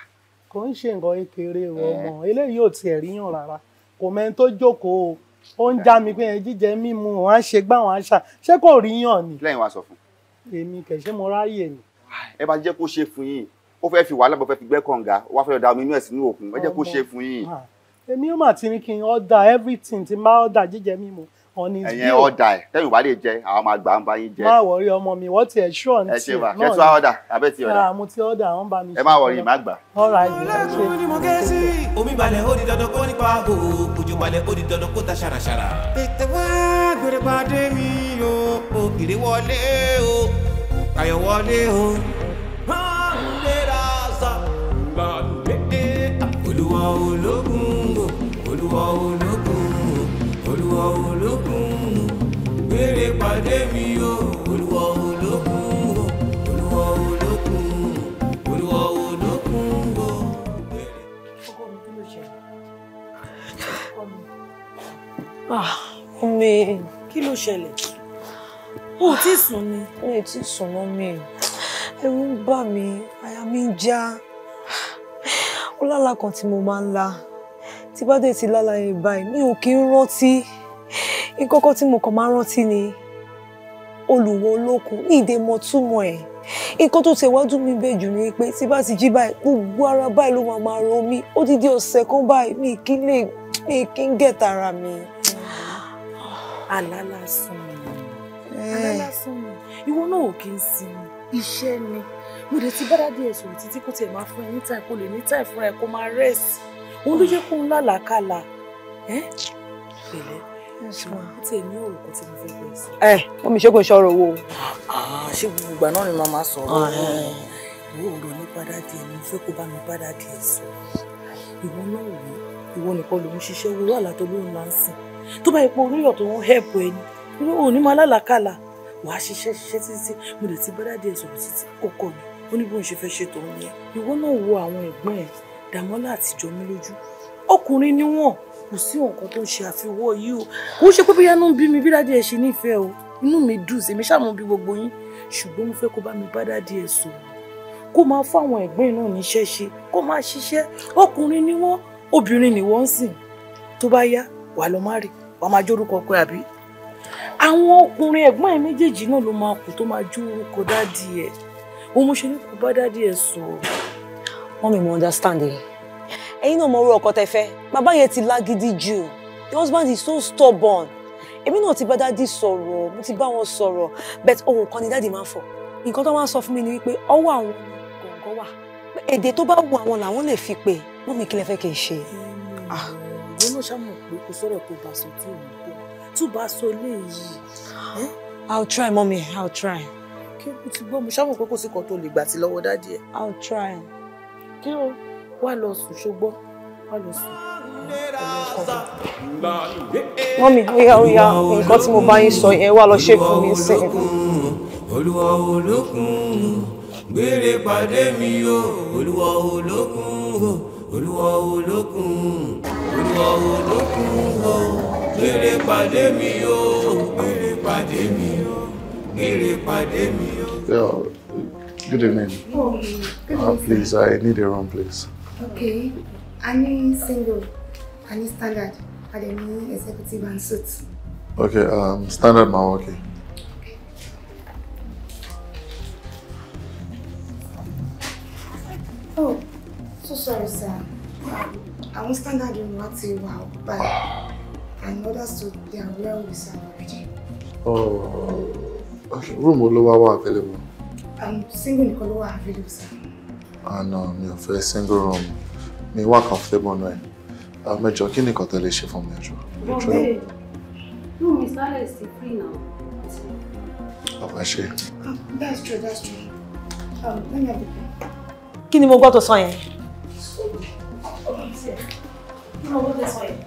kò ń ṣe nǹkan kékeré ọmọ eh. eléyìí ò tiẹ̀ ríyàn rárá kò mẹ́ni tó jókòó ó ń já mi pé ẹ jíjẹ mímu wọn á ṣe gbá wọn á ṣà ṣé kò ríyàn ni. lẹ́yìn wá sọ fún. èmi kẹ̀ ṣé mo ráyè ni. ẹ bá jẹ́ kó ṣe fún yín ó fẹ́ fi wàhálà bọ́ fẹ́ fi gbẹ́ kànga wá fẹ́ da omi inú ẹ̀ sínú òkun ẹ jẹ́ kó ṣe fún yín. Ah. èmi ó mà ti ní kí n order everything tí n bá order jíjẹ mímu on his bill. ẹ̀yin ọ̀dà ẹ̀ tẹ́yìn bá lè jẹ àwọn máa gbà ń bá yín jẹ. má wọrí ọmọ mi wọ́n ti ẹ̀ ṣọ́ ní tiẹ̀ náà ni ẹ ti ọ̀dà abẹ́ ti ọ̀dà. Ah, mo ti ọ̀dà àwọn bá mi. ẹ má wọrí ìmá gbà. ọ̀rọ̀ ayé ẹ ṣe. omi balẹ̀ ó di dandan kó nípa o òjò balẹ̀ ó di dandan kó ta ṣàràṣàrà. tètè wá gbèrè pàdé mi o ògiri wọlé o ayọ̀ wọlé o olúwa ológun o olúwa ológun o rere pàdé mi o olùwọ̀ olókùn o olùwọ̀ olókùn o olùwọ̀ olókùn o. ọkọ mi kí ló ṣe ọkọ mi. ọmọ ah, ẹ kí ṣẹlẹ̀ o ò tí sùn ni. o ò tí sùn mọ́ mi ẹ̀rù ń bà mí àyà mi ń já ó lálàá kan tí mo máa ń la tí bá dé ti lálàá yẹn báyìí mi ò kí ń rántí ìkọ́kọ́ tí mo kàn máa rántí ni olùwọ olókun ní ìdè mọ túmọ̀ ẹ̀ nǹkan tó tẹ̀wájú mi bẹ́ẹ̀ jù ni pé tí bá ti jí báyìí gbogbo ara báyìí ló máa máa ro mí ó ti di ọ̀sẹ̀ kan báyìí mi kí lè mi kí ń gẹ̀ta ara mi. alálàsùn mi alálàsùn mi ìwọ náà ò kí ń sinmi iṣẹ́ ni mo lè ti bára díẹ̀ sọ̀rọ̀ títí kó tiẹ̀ máa fún ẹ ní táì lè ní táì fún ẹ kó máa rẹ́ẹ̀sì òun ló jẹ́ kó ń lálàákàlà. pẹ̀lẹ́ ẹ omi ṣẹ́gun ìṣọ́rọ̀ owó. Ah, ṣé gbogbo ìgbà náà ni màmá sọ̀rọ̀ ah, ìwọ ọ̀rọ̀ ní padà díẹ̀ mo fẹ́ kó bá mi padà díẹ̀ sọ ìwọ náà wò ìwọ nìkan ló ń ṣiṣẹ́ wo wàhálà tó ló ń la ń sìn tó bá yẹ pé oríyọ̀ tó ń hẹ́ẹ̀pù ẹni irú òní máa lálàkàlà wàá ṣiṣẹ́ ṣiṣẹ́ títí mo lè ti bọ́dá díẹ̀ sọ̀rọ̀ títí kọ́kọ́ mi ó ní bí òun ṣe fẹ́ ṣe tòun yẹn ìwọ náà wo àwọn ẹ̀gbọ́n ẹ̀ Dàmọ́lá àtijọ́ mi lójú ọkùnrin ni wọ́n kò sí nǹkan tó ń ṣe àfiwọ́ yìí o kò ń ṣe pé bóyá inú ń bí mi bí dáadé ẹ ṣe nífẹ̀ẹ́ o inú mi dùn sí mi ṣáà mo bí gbogbo yín ṣùgbọ́n mo fẹ́ kó bá mi bá dáadé ẹ sọ̀rọ̀ kó máa fáwọn ẹ̀gbọ́n náà níṣẹ́ ṣe kó máa ṣiṣẹ́ ọkùnrin ni wọ́n obìnrin ni wọ́n ń sìn tó bá yá wà lọ má rí wà máa jórúkọ pé àbí àwọn ọkùnrin ẹ̀gbọ́n ẹ méjèèjì náà ló máa kù tó máa jórúkọ dáadé ẹ òun ṣe ní kó bá dáadé ẹ sọ̀rọ̀. wọ́n mi mo understand yìí ẹ̀yin náà mọ orú ọkọ tẹ fẹ́ bàbá yẹn ti lágídí jù the husband is so stubborn èmi náà ti bá dáàdi sọ̀rọ̀ mo ti bá wọn sọ̀rọ̀ but ohun kan ni dáàdi máa ń fọ̀ nǹkan tó máa ń sọ fún mi ni wípé ọwọ́ àwọn gọ̀ǹgọ̀ wà èdè tó bá wù àwọn làwọn lè fi pè mọ́ mi kí lẹ fẹ́ kí n ṣe. ìwé ah. náà ṣàmọ̀ pé kò sọ̀rọ̀ tó bá sọ tó ò ní tó bá sọ eléyìí. I'll try mommy I'll try. kí o ti gbọ́ mo ṣàmọ̀ pé kò sí kan tó lè gbà tí lọ́wọ́ dáàdi ẹ̀. I'll try. kí o wá lọ sùn ṣùgbọ́n wá lọ sùn. mọ́mí óyá óyá nǹkan tí mo bá yín sọ yẹn wá lọ ṣe fún mi sí. olúwa olókun gbére pàdé mi o olúwa olókun olúwa olókun olúwa olókun o gbére pàdé mi o gbére pàdé mi o gbére pàdé mi o. Good evening. Good evening. Uh, please, I need a room, please. Okay, any single, any standard, a any executive and suit. Okay, um, standard máa wá okay. Oh, so sorry, sir. I um, Àwọn standard room wa ti wà báyìí and others too, they are well reserved already. Oh, okay. Room wo lower wá wà available? Um, single nìkan available, sir and ah, mi ò fẹ́ single room work wà comfortable náà ẹ̀ ah, mẹ́jọ kí ni kọ́tẹ́ lè ṣe fún mi ẹ̀jọ̀. ọ̀rẹ́ inú mi sálẹ̀ sí free now. ọ̀pá ah, ṣe. that's true that's true um, let me have a look. kí ni mo gbọ́ tó So, yẹn. kí ni mo gbọ́ tó sọ yẹn.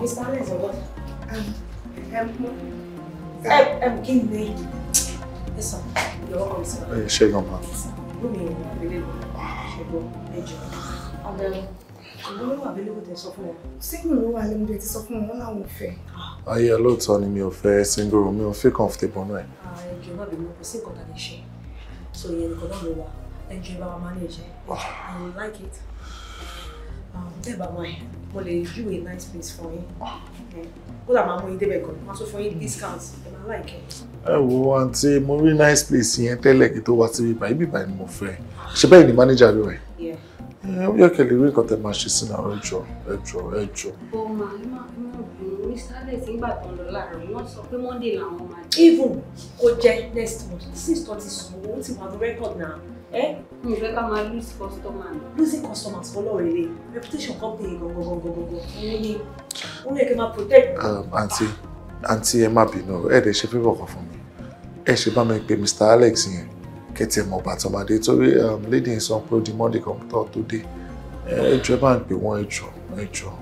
mr alex ọgbọ́n um, um, um, um, um ni ẹ sọ You're welcome, sir. ṣé gan-an ẹ̀gbọ́n mi ò gbélé ṣùgbọ́n ẹjọ́ ọ̀dọ̀ ló wà bẹ́lẹ̀ kò tẹ̀ sọ fún wọn. single ló wà lẹ́nu bẹ́ẹ̀ ti sọ fún wọn wọn làwọn ayé lóòótọ́ ni mi ò fẹ́ single mi ò fẹ́ comfortable náà. ẹjọ́ náà bẹ̀rẹ̀ kò sí nǹkan tàbí ṣe so ìyẹn nìkan náà ló wà ẹjọ́ bá wa manage I like it. bẹ́ẹ̀ um, bá wọn mo lè a nice place for yín kódà máa mú ìdébẹ̀ kan máa tún fún yín discount ẹ máa láìkẹ́. ẹ wo àǹtí mo rí nice place yẹn tẹ́lẹ̀ kí tó wá sí ibà ibi ìbà ni mo fẹ́ ṣe bẹ́ẹ̀ ni manager ló rẹ̀ ó yẹ kí ẹ lè rí nǹkan tẹ máa ṣe sí náà ẹ jọ̀ọ́ ẹ jọ̀ọ́ ẹ jọ̀ọ́. ọmọ ẹ máa ń bọ̀ ní sálẹ̀ nígbà tó ń lọ láàárọ̀ wọ́n sọ pé monday làwọn máa. even kó jẹ́ next month six thirty sùn ó ti wà ní record náà mi ò fẹ́ ká máa lose customers. losing customers fọlọ́ rere reputation company gangan gangan gangan ni ó lè kí n máa protect. àǹtí um, àǹtí ẹ má bínú ẹ dẹ̀ ṣe favour kan fún mi ẹ ṣe bá mi pè Mr. Alex yẹn kẹtì ẹ mọ bàtà ọmọdé torí um, lady n sọ pé ó di Monday kọ̀ǹpútà tó dé ẹ jọ̀ọ́ ẹ bá ń pè wọ́n ẹ jọ̀ọ́ ẹ jọ̀ọ́.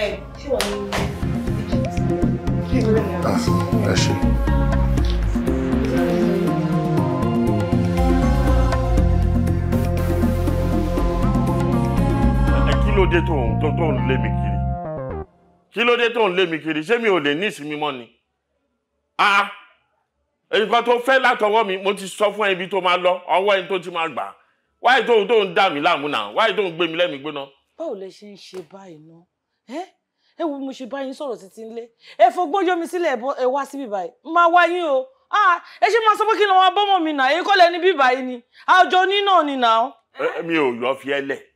ẹ ṣé wàá ní. Ah, ẹ ṣe. kí ló dé tó ń tó ń lé mi kiri kí ló dé tó ń lé mi kiri ṣé mi ò lè ní ìsinmi mọ́ ni a nǹkan tó fẹ́ látọwọ́ mi mo ti sọ fún ẹbí tó máa lọ ọwọ́ ẹni tó ti máa gbà wáyé tóun tóun dà mí láàmú náà wáyé tóun gbé mi lẹ́mí gbóná. báwo lẹ ṣe ń ṣe báyìí náà ẹ ẹ wo mo ṣe báyìí sọ̀rọ̀ títí nílé ẹ fọgbọ́n yọ mi sílẹ̀ ẹ wá síbí báyìí máa wá yín o ẹ ṣe máa sọ pé kí ni wọn bọ́mọ̀ mi náà èyí kọ́ lẹ́ni bíbáyìí ni àjọ oní náà ni náà. mi ò yọ fi ẹ lẹ̀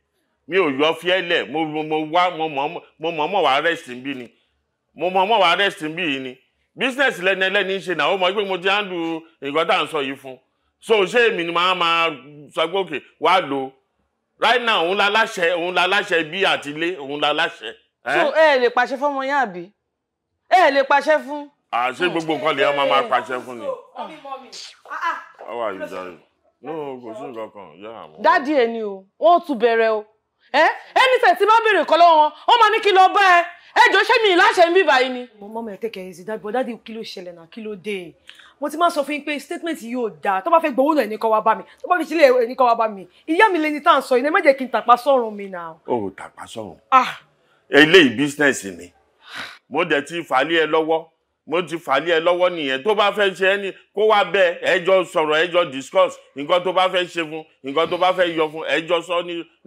mi ò yọ fiẹ́lẹ̀ mo mo wá mo mọ̀ mo mọ̀ mọ̀ wá rest níbí ni mo mọ̀ mọ̀ wá rest níbí yìí ni business lẹ́ni ẹlẹ́ni ń ṣe náà ó mọ̀ pé mo ti handle nǹkan tá à ń sọ yìí fún so ṣé èmi ni màá máa sọ pé òkè wá lò right now òun la láṣẹ òun la láṣẹ bí àti ilé òun la láṣẹ. so ẹ ẹ lè pàṣẹ fọmọ yín àbí ẹ ẹ lè pàṣẹ fún. àṣé gbogbo nǹkan lè ọmọ máa pàṣẹ fún ni. ọwọ àyùdá rẹ ní o kò sí nǹkan kan yá àwọn. dádì ẹ ni o wọn ò tún bẹ̀rẹ̀ o ẹ ẹni tẹ̀ tí bá béèrè kọ́ lọ́wọ́ wọn wọ́n máa ní kí lọ bá ẹ ẹ jọ ṣé mi láṣẹ ń bí báyìí ni. mo mọ́ mi ẹ̀ tẹ́kẹ̀ ẹ̀sìn dájú bọ́dá kí ló ṣẹlẹ̀ náà kí ló dé mo ti máa sọ fún yín pé statement yìí ò dáa tó bá fẹ́ gbowó náà ẹni kọ́ wá bá mi tó bá fi sílẹ̀ ẹni kọ́ wá bá mi ìyá mi lẹni tá à ń sọ yìí ẹ má jẹ́ kí n tàpá sọ̀rùn mi náà. o tàpá sọ̀rùn. Ah! eléyìí business ni mo dẹ̀ ti fà á lé ẹ lọ́wọ́ mo ti fàálẹ̀ ẹ lọ́wọ́ nìyẹn tó bá fẹ́ ṣe ẹni kó wá bẹ ẹjọ́ sọ̀rọ̀ ẹjọ́ discuss nǹkan tó bá fẹ́ ṣe fún nǹkan tó bá fẹ́ yọ fún ẹjọ́ sọ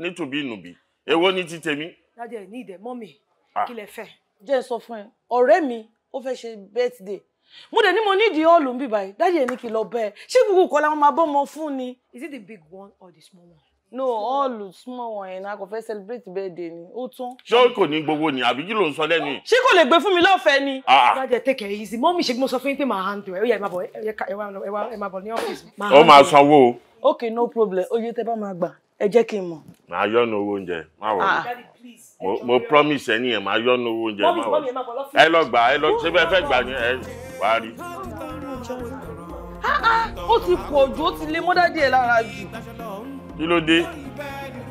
ní tùbínùbí èwo ni ti tèmi. dájú ẹ ní ìdẹ mọ mi kí lẹ fẹ́. jẹ́ ẹ sọ fún ẹ ọ̀rẹ́ mi ó fẹ́ ṣe birthday mo dẹ̀ ní mo nídìí ọ̀ọ́lù ń bíbáyìí dájú ẹ ní kí lọ bẹ́ẹ̀ ṣé gbogbo kọ́ làwọn máa bọ́ ọmọ fún ni. is it the big one or the small one? no all small wọ̀nyẹn náà kò fẹ́ celebrate birthday ni ó tán. ṣé kò ní gbogbo ni àbí lo ló ń sọ ko yìí. ṣé kò lè gbé fún mi lọ́fẹ̀ẹ́ ni. bàjẹ́ ah, ah. take it easy mọ́mí ṣe bí mo sọ fún yín pé màá hàn tó ẹ̀ ó yà ẹ máa bọ̀ ní ọ́fíìsì. ó máa sanwó o. ok no problem oye tẹ bá máa gbà ẹ jẹ́ kí n mọ̀. màá yọ́nu owó oúnjẹ má wọ̀ ah. mo promise ẹni Ma màá no owó oúnjẹ má wọ̀ ẹ lọ gbà ẹ lọ ṣe bẹ́ẹ̀ fẹ́ gbà ni ẹ wàá ah. ó ti pọ̀ jù ó ti lé mọ́dádì ẹ̀ lára jù kí ló dé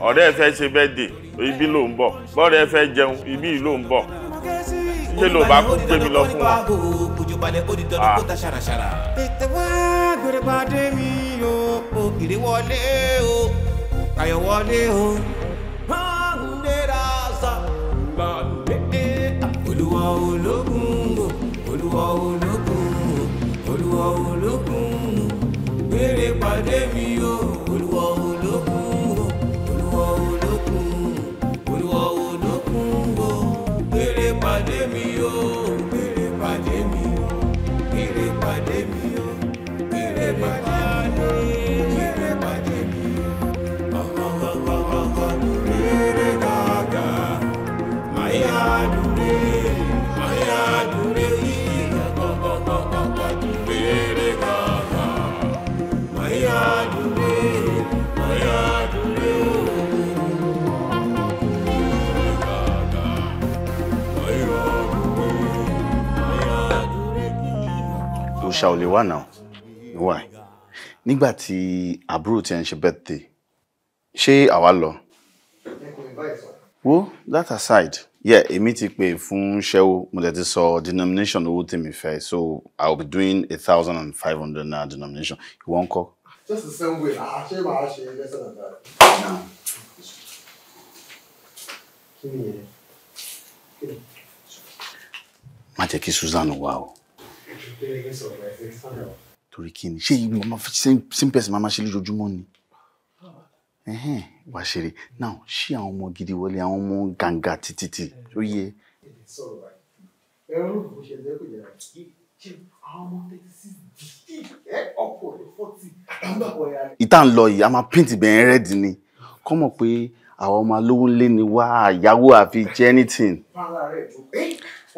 ọ̀rẹ́ ẹ fẹ́ ṣe bẹ́ẹ̀dè ibi ló ń bọ̀ bọ́ọ̀rẹ́ ẹ fẹ́ jẹun ibi ló ń bọ̀ ṣé ló bá gbé mi lọ fún wọn. tètè wá gbèrè pàdé mi o ògiri wọlé o ayọ̀ wọlé o máa ń lera sa máa ń lé olúwa ológun o olúwa ológun o olúwa ológun mi o. òrìṣà ò lè wà náà wà nígbà tí àbúrò tí ẹ ń ṣe birthday ṣé àwa lọ. wo that aside yeah èmi ti pè fún ṣẹ́wó mo dẹ̀ ti sọ denomination owó tèmi fẹ́ so i will be doing a thousand and five hundred naira denomination ìwọ ń kọ́. just the same way ah, àṣẹ máa ṣe lesser than that. má jẹ́ kí Susan wá o torí kí ni ṣé ìgbìmọ̀ máa fi same person máa máa ṣe lójoojúmọ́ ni wàá ṣeré now ṣé àwọn ọmọ gidi wọlé àwọn ọmọ gàǹgà títí ó yẹ. ẹ̀rọ ló kò ṣe ìta ń lọ yìí a máa píntì bẹ̀rẹ̀ rẹ́ẹ̀dì ni kọ́ mọ̀ pé àwọn ọmọ alówó ńlé wá àyáwó àfi jẹ́ anything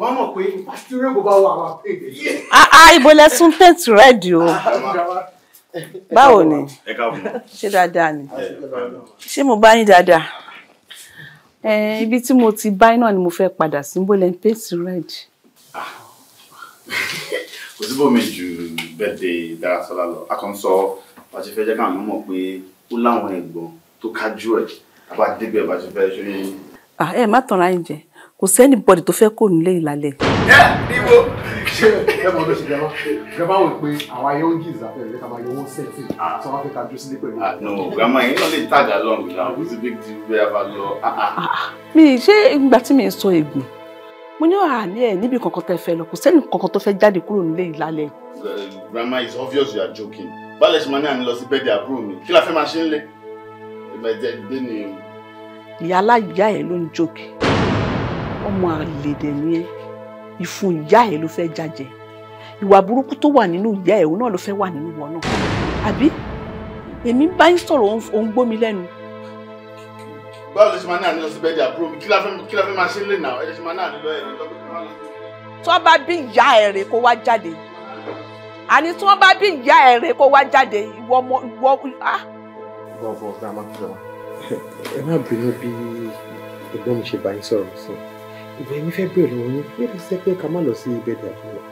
wọ́n mọ̀ pé pásítírì kò bá wà wá pé. Ah, ah, ibo lẹ́sùn tètè rẹ́ẹ̀dì o báwo ni ṣé dáadáa ni ṣé mo bá yín dáadáa ibi tí mo ti bá yín náà ni mo fẹ́ padà sí ah, bó lẹ́ ń pèsè rẹ́ẹ̀dì. kò síbò mi ju bẹ́ẹ̀dẹ̀ Dárasọ́lá lọ a kàn sọ bàtí fẹ́ jẹ́ káwọn èèyàn mọ̀ pé ó láwọn ẹ̀gbọ́n tó kájú ẹ̀ àbá dégbẹ̀ bàtí ṣe. ẹ má tanra yín jẹ kò sẹ́ni bọ́dì tó fẹ́ kò nílé ìlàlẹ̀. ẹ níbo. ṣé ẹ mọ ló ṣe jẹ wọn jẹ bá wọn pé àwọn ayé ń jìnnà fẹẹ lẹka máa yọ wọn sẹẹtì tí wọn fẹẹ ká dúró sílé pẹ̀lú. no grandma yín náà lè tàgà lọrùn náà kó sì bí ti bẹ abá lọ. Ah, ah, ah. mi ṣé ìgbà tí mi sọ ègùn mo ní àní ẹ níbi kankan tẹ fẹ́ lọ kò sẹ́ni kankan tó fẹ́ jáde kúrò nílé ìlàlẹ̀. Eh, grandma it's obvious you are joking balẹ̀ ṣe máa ní àná lọ sí bẹ́ẹ̀dì àbúrò mi kí la fẹ́ máa ṣe ń lé ìbẹ̀jẹ̀ ìyá aláìyá ẹ ló ń jókè ọmọ àlèdè ni ẹ ìfun ìyá ẹ ló fẹ́ jàjẹ ìwà burúkú tó wà nínú ìyá ẹ òun náà ló fẹ́ wà nínú ìwọ náà àbí èmi bá ń sọ̀rọ̀ òun gbó mi lẹ́nu. báwo ló ṣe máa ní ànílọ sí bẹ́ẹ̀dì àbúrò mi kí la fẹ́ máa ṣe lè nà ẹ ṣe máa ní ànílọ ẹ̀ lọ́gbẹ́ tí wọ́n bá bí ìyá ẹ̀ rè kó wá jáde àní tí wọ́n bá bí ìyá ẹ̀ rè kó wá jáde ìwọ ọmọ ìwọ. bọ́ọ̀ bọ́ọ̀ gbàmọ́ ẹ má bínú bí ẹgbọ́n mi ṣe bá yín sọ̀rọ̀ sí i ìwé mi fẹ́ bèrè lọ́wọ́ yín pé ṣe pé ká má lọ sí ibẹ̀ dàbí wa.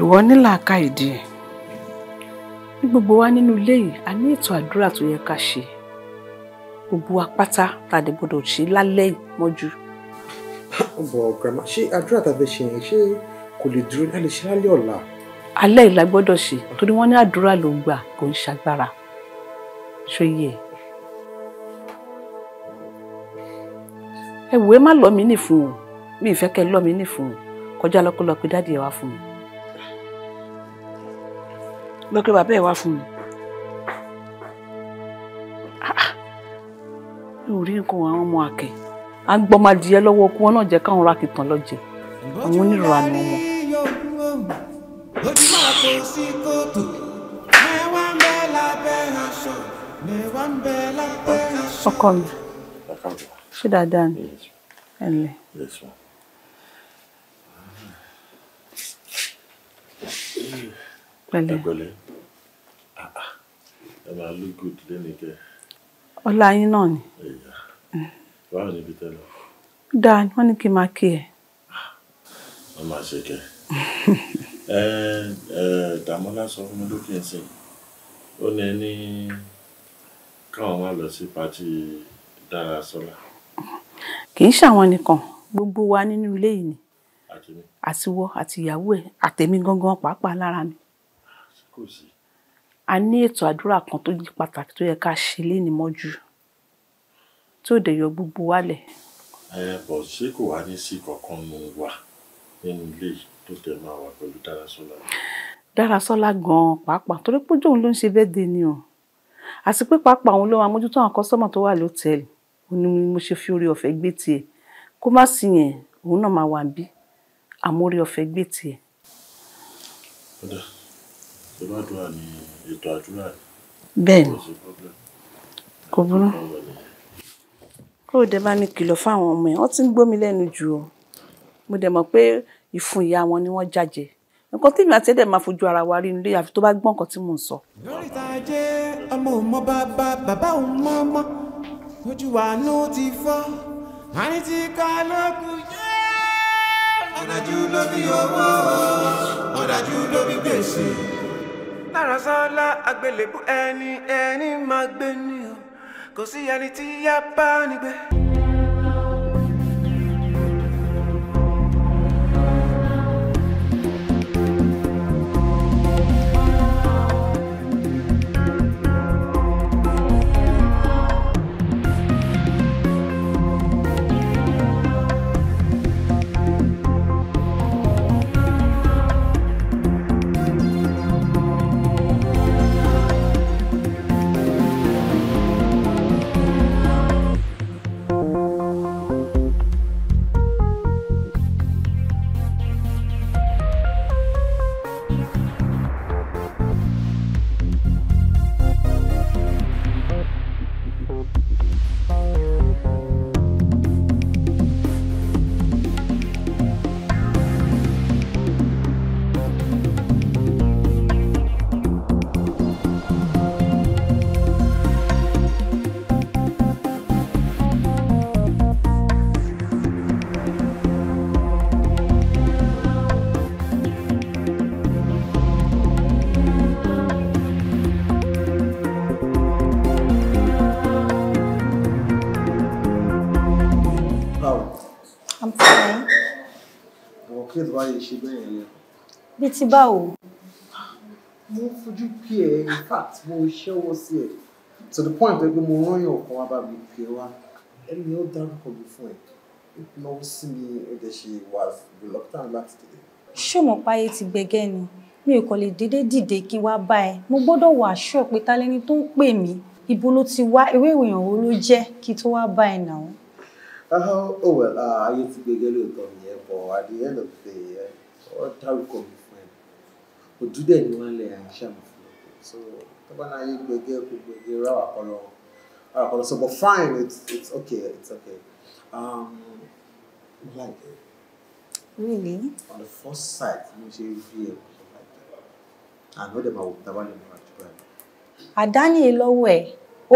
ìwọ ní làákàyè díẹ̀ ní gbogbo wa nínú ilé yìí a ní ètò àdúrà tó yẹ ká ṣe gbogbo wa pátá tàdé gbọdọ̀ ṣe lálẹ́ mọ́jú. ọ̀bọ̀ grandma ṣé àdúrà tàbí ṣe yẹn ṣé kò lè dúró lálẹ́ ṣe lálẹ́ ọ̀la. alẹ́ ìlà gbọ́dọ̀ ṣe torí wọ́n ní àdúrà ló ń gbà kò ń ṣàgbára ṣó yẹ ẹ wò ẹ má lọ mí nì fún o mi ìfẹ́ kẹ́ lọ mí nì o kọjá lọ kó lọ pé dáàdi ẹ wá fún mi lọ pé bàbá ẹ wá fún mi ah, mi ò rí nǹkan àwọn ọmọ àkẹ́ à ń gbọ́mọ adìyẹ lọ́wọ́ okú wọn náà jẹ́ káwọn ra kìtàn lọ jẹ àwọn onírọ̀rà ni wọn. ọkọ mi ṣé dáadáa ni ẹ ǹlẹ́. pẹ̀lẹ́ ẹ ah, ah. máa ló gòdì lẹ́nu kẹ. ọlá yín náà ni. báwo ni ibi tẹ lọ. dáa wọn ní kí n máa kí ẹ. wọn máa ṣe kẹ. ẹ ẹ Dàmọ́lá sọ fún mi lókè ẹsẹ̀ ó ní ní káwọn máa lọ sí pàtì Dára Sọ́lá kì í ṣàwọn nìkan gbogbo wa nínú ilé yìí ni àtiwọ àti ìyàwó ẹ àtẹmí gangan pàápàá lára mi a ní ètò àdúrà kan tó yí pàtàkì tó yẹ ká ṣe léni mọ́jú tí ò dẹ̀ yọ gbogbo wa lẹ̀. ẹ bọ̀ ṣé kò wá ní sí kankan nu wa nínú ilé tó tẹ̀ máa wà pẹ̀lú Dárasọ́lá. Dárasọ́lá gan-an pàápàá torí pé ojú ló ń ṣe bẹ́ẹ̀ dé ni o àti pé pàápàá òun ló wà mójútó àwọn kọ́sọ́mọ̀ tó wà lótẹ́ẹ̀lì ó ní mo ṣe fi orí ọ̀fẹ́ gbé tiẹ̀ kó má sí yẹn òun náà máa wà bí àmórí ọ̀fẹ́ gbé tiẹ̀. ọ̀dà ìbádùn àní ètò àdúrà rẹ̀. bẹ́ẹ̀ni kò burú kó o bá mi kìlọ̀ fáwọn ọmọ yẹn wọ́n ti ń gbómi lẹ́nu jù ọ́ mo dẹ̀ mọ̀ pé ìfun ìyá wọn ni wọ́n jàjẹ́ nǹkan tí mi àti ẹ̀dẹ̀ máa fojú ara wa rí nílé àfi tó bá gbọ́ nǹkan tí mò ń sọ. lórí ìta ajé ọmọ òun mọ bàbá bàbá òun mọ ọmọ ojú àánú ti fọ́ àní ti ká lókun yẹ́. ọ̀dájú ló bí owó ọ̀dájú ló bí gbèsè. lára sọ́lá àgbélébú ẹni ẹni máa gbé ni o kò sí ẹni tí yá bá nígbẹ́. kí ló bá ṣe bẹ́ẹ̀ yẹn bí ti báwo. mo fojú pí ẹ in fact mo ṣẹ́wọ́ sí ẹ to the point pé mo rányàn ọkàn wa bá mi pè wá ẹni ó dárúkọ mi fún ẹ náwó sí mi ẹ̀jẹ̀ ṣe wà reluctant láti dìde. ṣé mo páyé ti gbẹgẹ ni mi ò kàn lè déédéé dìde kí wá bá ẹ mo gbọ́dọ̀ wà aṣọ pé ta lẹni tó ń pè mí ibo ló ti wá ewé ìròyìn wo ló jẹ́ kí tó wá bá ẹ nà ó. Ah, oh well ah, ayé ti gbẹgẹ lóòótọ́ mi but at the end of the day ọ̀tá orúkọ mi fún ẹ òdú dẹ̀ ni wọ́n lè àṣàmù fún ẹ so tọ́gbọ́náyé gbẹgẹ́ gbogbo ẹgbẹ́ ráwà kọlọ ráwà kọlọ so but fine it's it's okay it's okay um, like it. really on the first side, mo ṣe rí ẹ àná dẹ̀ máa wò tábàlẹ̀ mọ́ àjùbọ̀ ẹ̀. àdáni lọ́wọ́ ẹ̀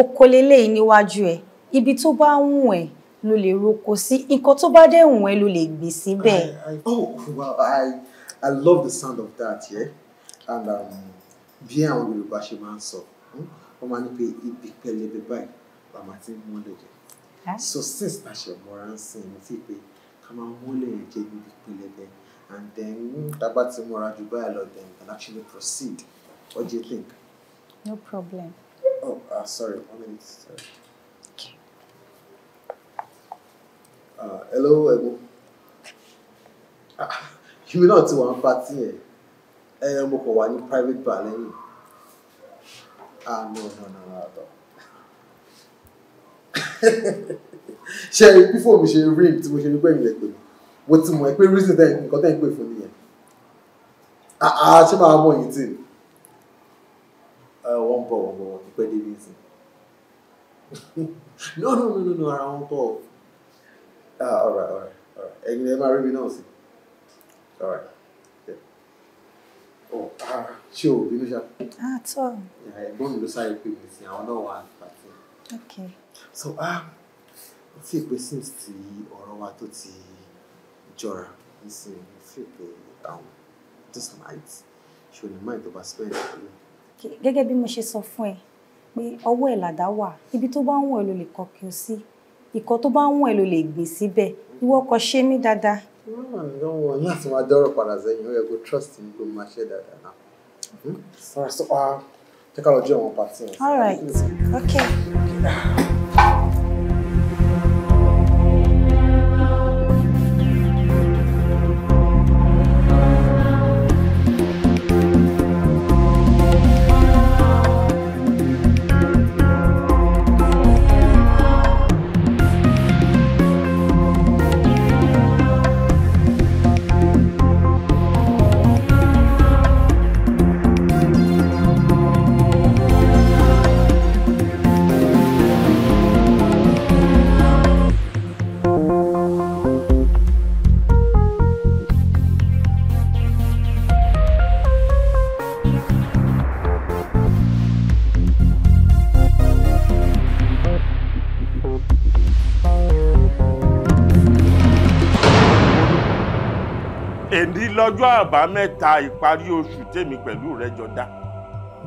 okòólélẹ́yìn níwájú ẹ̀ ibi tó bá ń wù ẹ́ ló lè roko sí nǹkan tó bá dẹ̀ wùn ẹ́ ló lè gbìn síbẹ̀. oh well, i i love the sound of that yeah? and um, bí àwọn yorùbá ṣe máa ń sọ hmm, wọ́n máa ń pe ibi pẹlẹbẹ báyìí bàbá tí ń mọ́lẹ̀ jẹ success ta ṣe mọ́ra ń sìn mo fi pé ká máa mọ́lẹ̀ jẹ ibi pẹlẹbẹ and then tábà hmm, tí mọ́ra jù báyìí lọ then can actually proceed what do you think. no problem. oh uh, sorry one minute sorry. ẹ ah, lọ́wọ́ ẹ̀gbọ́n ah, ìwé náà ti wà ń patí ẹ̀ ẹ̀yàn mo kàn wà ní private bar lẹ́yìn ah no no no no no ṣe bí fóònù ṣe rí tí mo ṣe rí pé ìrìnlẹ̀ pè mo ti mọ̀ ẹ́ pé reason tẹ́ nǹkan tẹ́ ń pè fún nìyẹn àá ah, ṣé máa mọ̀ yìí tì wọ́n eh, bọ̀ wọ́n bọ̀ wọ́n ti pẹ́ débi tì no no no no ara wọn kọ́ ọ̀ ah all right all right all right ẹ̀yin ẹ máa rí mi náà sí all right ọ oh, ah ṣé o bínú ṣá. ah tọ́. ẹ̀gbọ́n mi ló sáré pé mi sí àwọn náà wà pàtó. okay. so ah ó fi pé since ti ọ̀rọ̀ wa tó ti jọra nísìnyí ó fi pé àwọn this night ṣe ò ní mind over spend gẹ́gẹ́ bí mo ṣe sọ fún ẹ pé ọwọ́ ẹ̀ làdá wà ibi tó bá ń wọ̀ ló lè kọ́ kí o sí ìkọ́ tó bá wọ̀n ẹ̀ ló lè gbìn síbẹ̀ ìwọ kò ṣe mí dáadáa. Ah, lọ́wọ́ ní máa dọ́rọ̀ padà sẹ́yìn ó yẹ kó trust mi kó máa ṣe dáadáa náà. Hmm? all ah, right jẹ́ ká lọ jẹ́ àwọn pàtí. all right okay. lọ́jọ́ àbámẹ́ta ìparí oṣù tèmi pẹ̀lú rẹ jọ dá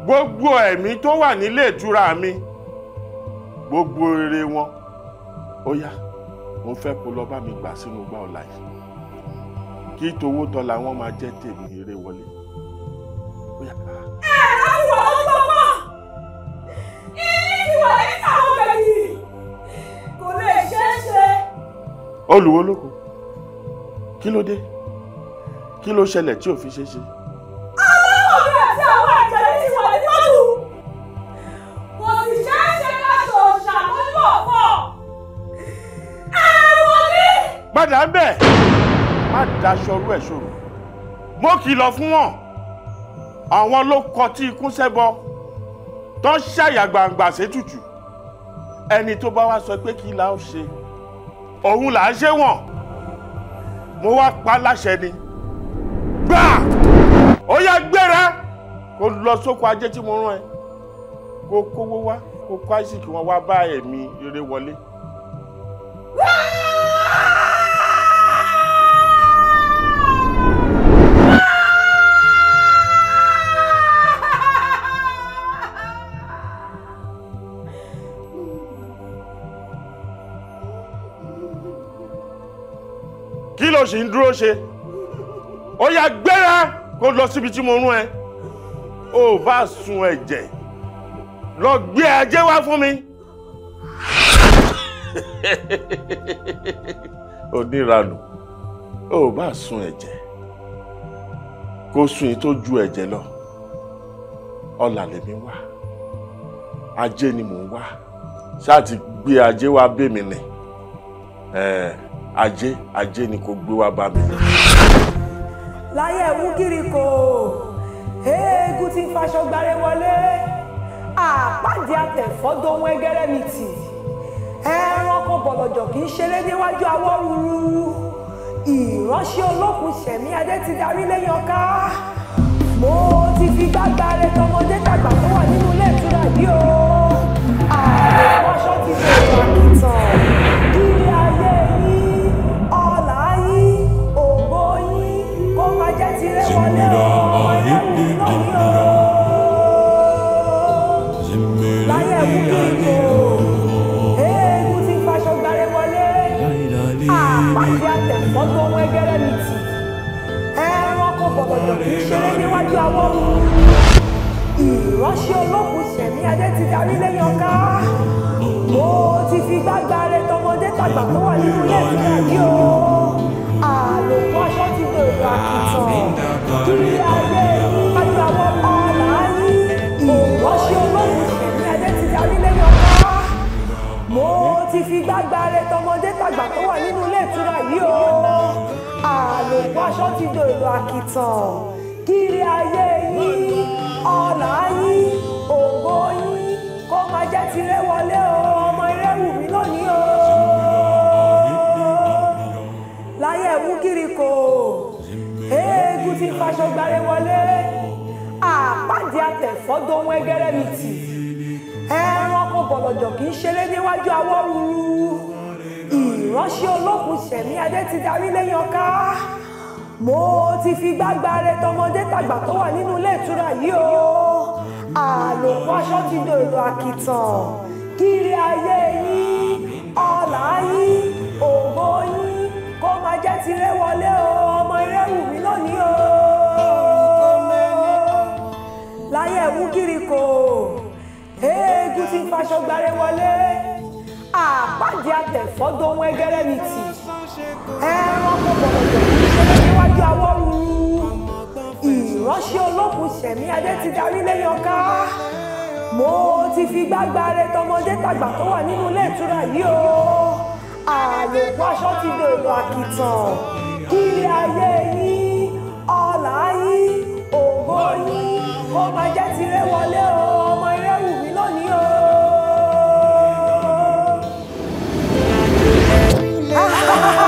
gbogbo ẹ̀mí tó wà nílé ìtura mi gbogbo eré wọn ó yá mo fẹ́ kó lọ bá mi gbà sínú gbá ọ̀la yìí kí towó tọ́la wọn máa jẹ́ tèmi eré wọlé. ẹ̀rọ wọ̀ ọ́ lọ́wọ́ ilé ìwà ìta ọbẹ̀ yìí kò lè ṣeé ṣe. olùwọ́ lóko kí ló dé kí ló ṣẹlẹ̀ tí ò fi ṣe ṣe. aláwọ̀ àti àwọn àjẹrẹ ti wà ní mọ́tò kò sì ṣeé ṣe ká ṣòṣà lójú ọ̀pọ̀ ẹ̀rọ ní. padà ń bẹ̀ má daṣọ orú ẹ̀ ṣòro mo kìlọ̀ fún wọn àwọn ló kọtí ikú sẹ́bọ tó ń ṣàyà gbangba sétùtù ẹni tó bá wá sọ pé kí la ó ṣe òun là á ṣe wọn mo wá pa láṣẹ ni gbà ó yá gbéra kó lọ sóko ajé tí mo rán ẹ kó kówó wá kó kó isaac wọn wá bá ẹ̀mí rere wọlé. kí ló sì ń dúró ṣe ó yá gbéra e, kó lọ síbi tí mo rún ẹ ó bá sun ẹ̀jẹ̀ lọ gbé ajé wá fún mi. oníranù ó bá sun ẹ̀jẹ̀ kó sun yìí tó ju ẹ̀jẹ̀ lọ ọ̀là lèmi wá ajé ni mò ń wá ṣáà ti gbé ajé wá bèmí ni ajé ajé ni kò gbé wá bá mi láyé ẹ̀wú kiri kò eégún ti faṣọ gbáre wọlé àpáàdé àtẹ̀fọ́dọ̀ ohun ẹgẹrẹ mi tì ẹranko bọ̀lọ̀jọ̀ kì í ṣeré níwájú awọ́ ruru ìránṣẹ́ olókùn ṣẹ̀mí adé ti darí lẹ́yìn ọ̀ká mo ti fi gbágbá rẹ tọmọdé tàgbà tó wà nínú ilé ìtura yìí o ààrẹ ọṣọ ti ṣe ṣeré níwájú àwọn ìránṣẹ́ olókùn sẹ̀mí adé ti darí lẹ́yìn ọ̀gá ó ti fi gbágbá rẹ tọmọdé tàgbà tó wà nínú ilé ìtura yìí o àlòkù aṣọ ti lo ìlú àkìtàn kiri ayé níwájú àwọn ọ̀làáyí ìránṣẹ́ olókùn sẹ̀mí adé ti darí lẹ́yìn ọ̀gá mo ti fi gbágbá rẹ tọmọdé tàgbà tó wà nínú ilé ìtura yìí o àlòkù aṣọ ti lo ìlú àkìtàn ayé yín ọ̀la yín ògo yín kó máa jẹ́ tirẹ̀ wọlé o ọmọ Ẹrẹ́wù mi lónìí o láyé ẹ̀wú kiri kò eégún ti faṣọ gbaré wọlé àpáàdé àtẹ̀fọ́dọ̀ ohun ẹgẹrẹ mi tì ẹranko bọ̀lọ̀jọ̀ kì í ṣeré níwájú awọ́ ruru ìránṣẹ́ olókùn ṣẹ̀mí adé ti darí lẹ́yìn ọ̀ká mo ti fi gbágbáre tọmọdé tàgbà tó wà nínú ilé ìtura yìí o àlòkù aṣọ ti dòrò àkìtàn kiri ayé yín ọlà yín ògo yín kó máa jẹ́ tiré wọlé o ọmọ irẹ́wù mi lónìí o láyé ẹ̀wú kiri kò eégún ti faṣọ gbáre wọlé àpáàdé àtẹ̀fọ́ dohun ẹgẹrẹ mi tì ẹranko bọ̀bọ̀ bọ̀bọ̀ dáwọ́ ru ìránṣẹ́ olókùn ṣẹ̀mí adé ti darí lẹ́yìn ọ̀ká mo ti fi gbágbá rẹ tọmọdé tàgbà tó wà nínú ilé ìtura yìí o àlòkù aṣọ ti dèrò àkìtàn kí ayé yín ọlá yín ògo yín ó máa jẹ́ tiré wọlé o.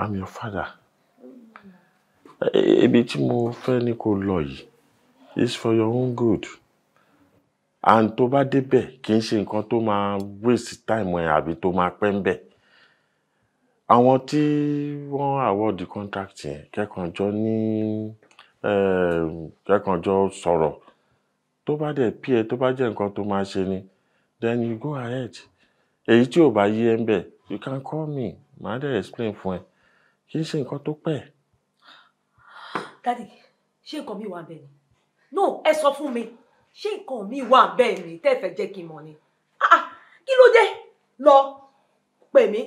i'm your father eh, ibi tí mo fẹ́ ni kò lọ yìí it's for your own good and tó bá débẹ̀ kì í ṣe nǹkan tó máa waste time ẹ̀ àbí tó máa pẹ́ ń bẹ̀ àwọn tí wọ́n award contract yẹn kẹ́kànjọ́ ní eh, kẹ́kànjọ́ sọ̀rọ̀ tó bá dẹ̀ pí ẹ tó bá jẹ́ nǹkan tó máa ṣe ni then you go ahead èyí tí ò bá yí ẹ ń bẹ̀ you can call me màá dẹ̀ explain fún ẹ kì í ṣe nǹkan tó pẹ́. dádì ṣé nǹkan mi wà bẹ́ẹ̀ ni no ẹ sọ fún mi ṣé nǹkan mi wà bẹ́ẹ̀ ni tẹ́ ẹ fẹ́ jẹ́ kí n mọ̀ ni ah, ah, kí ló dé lọ pè mí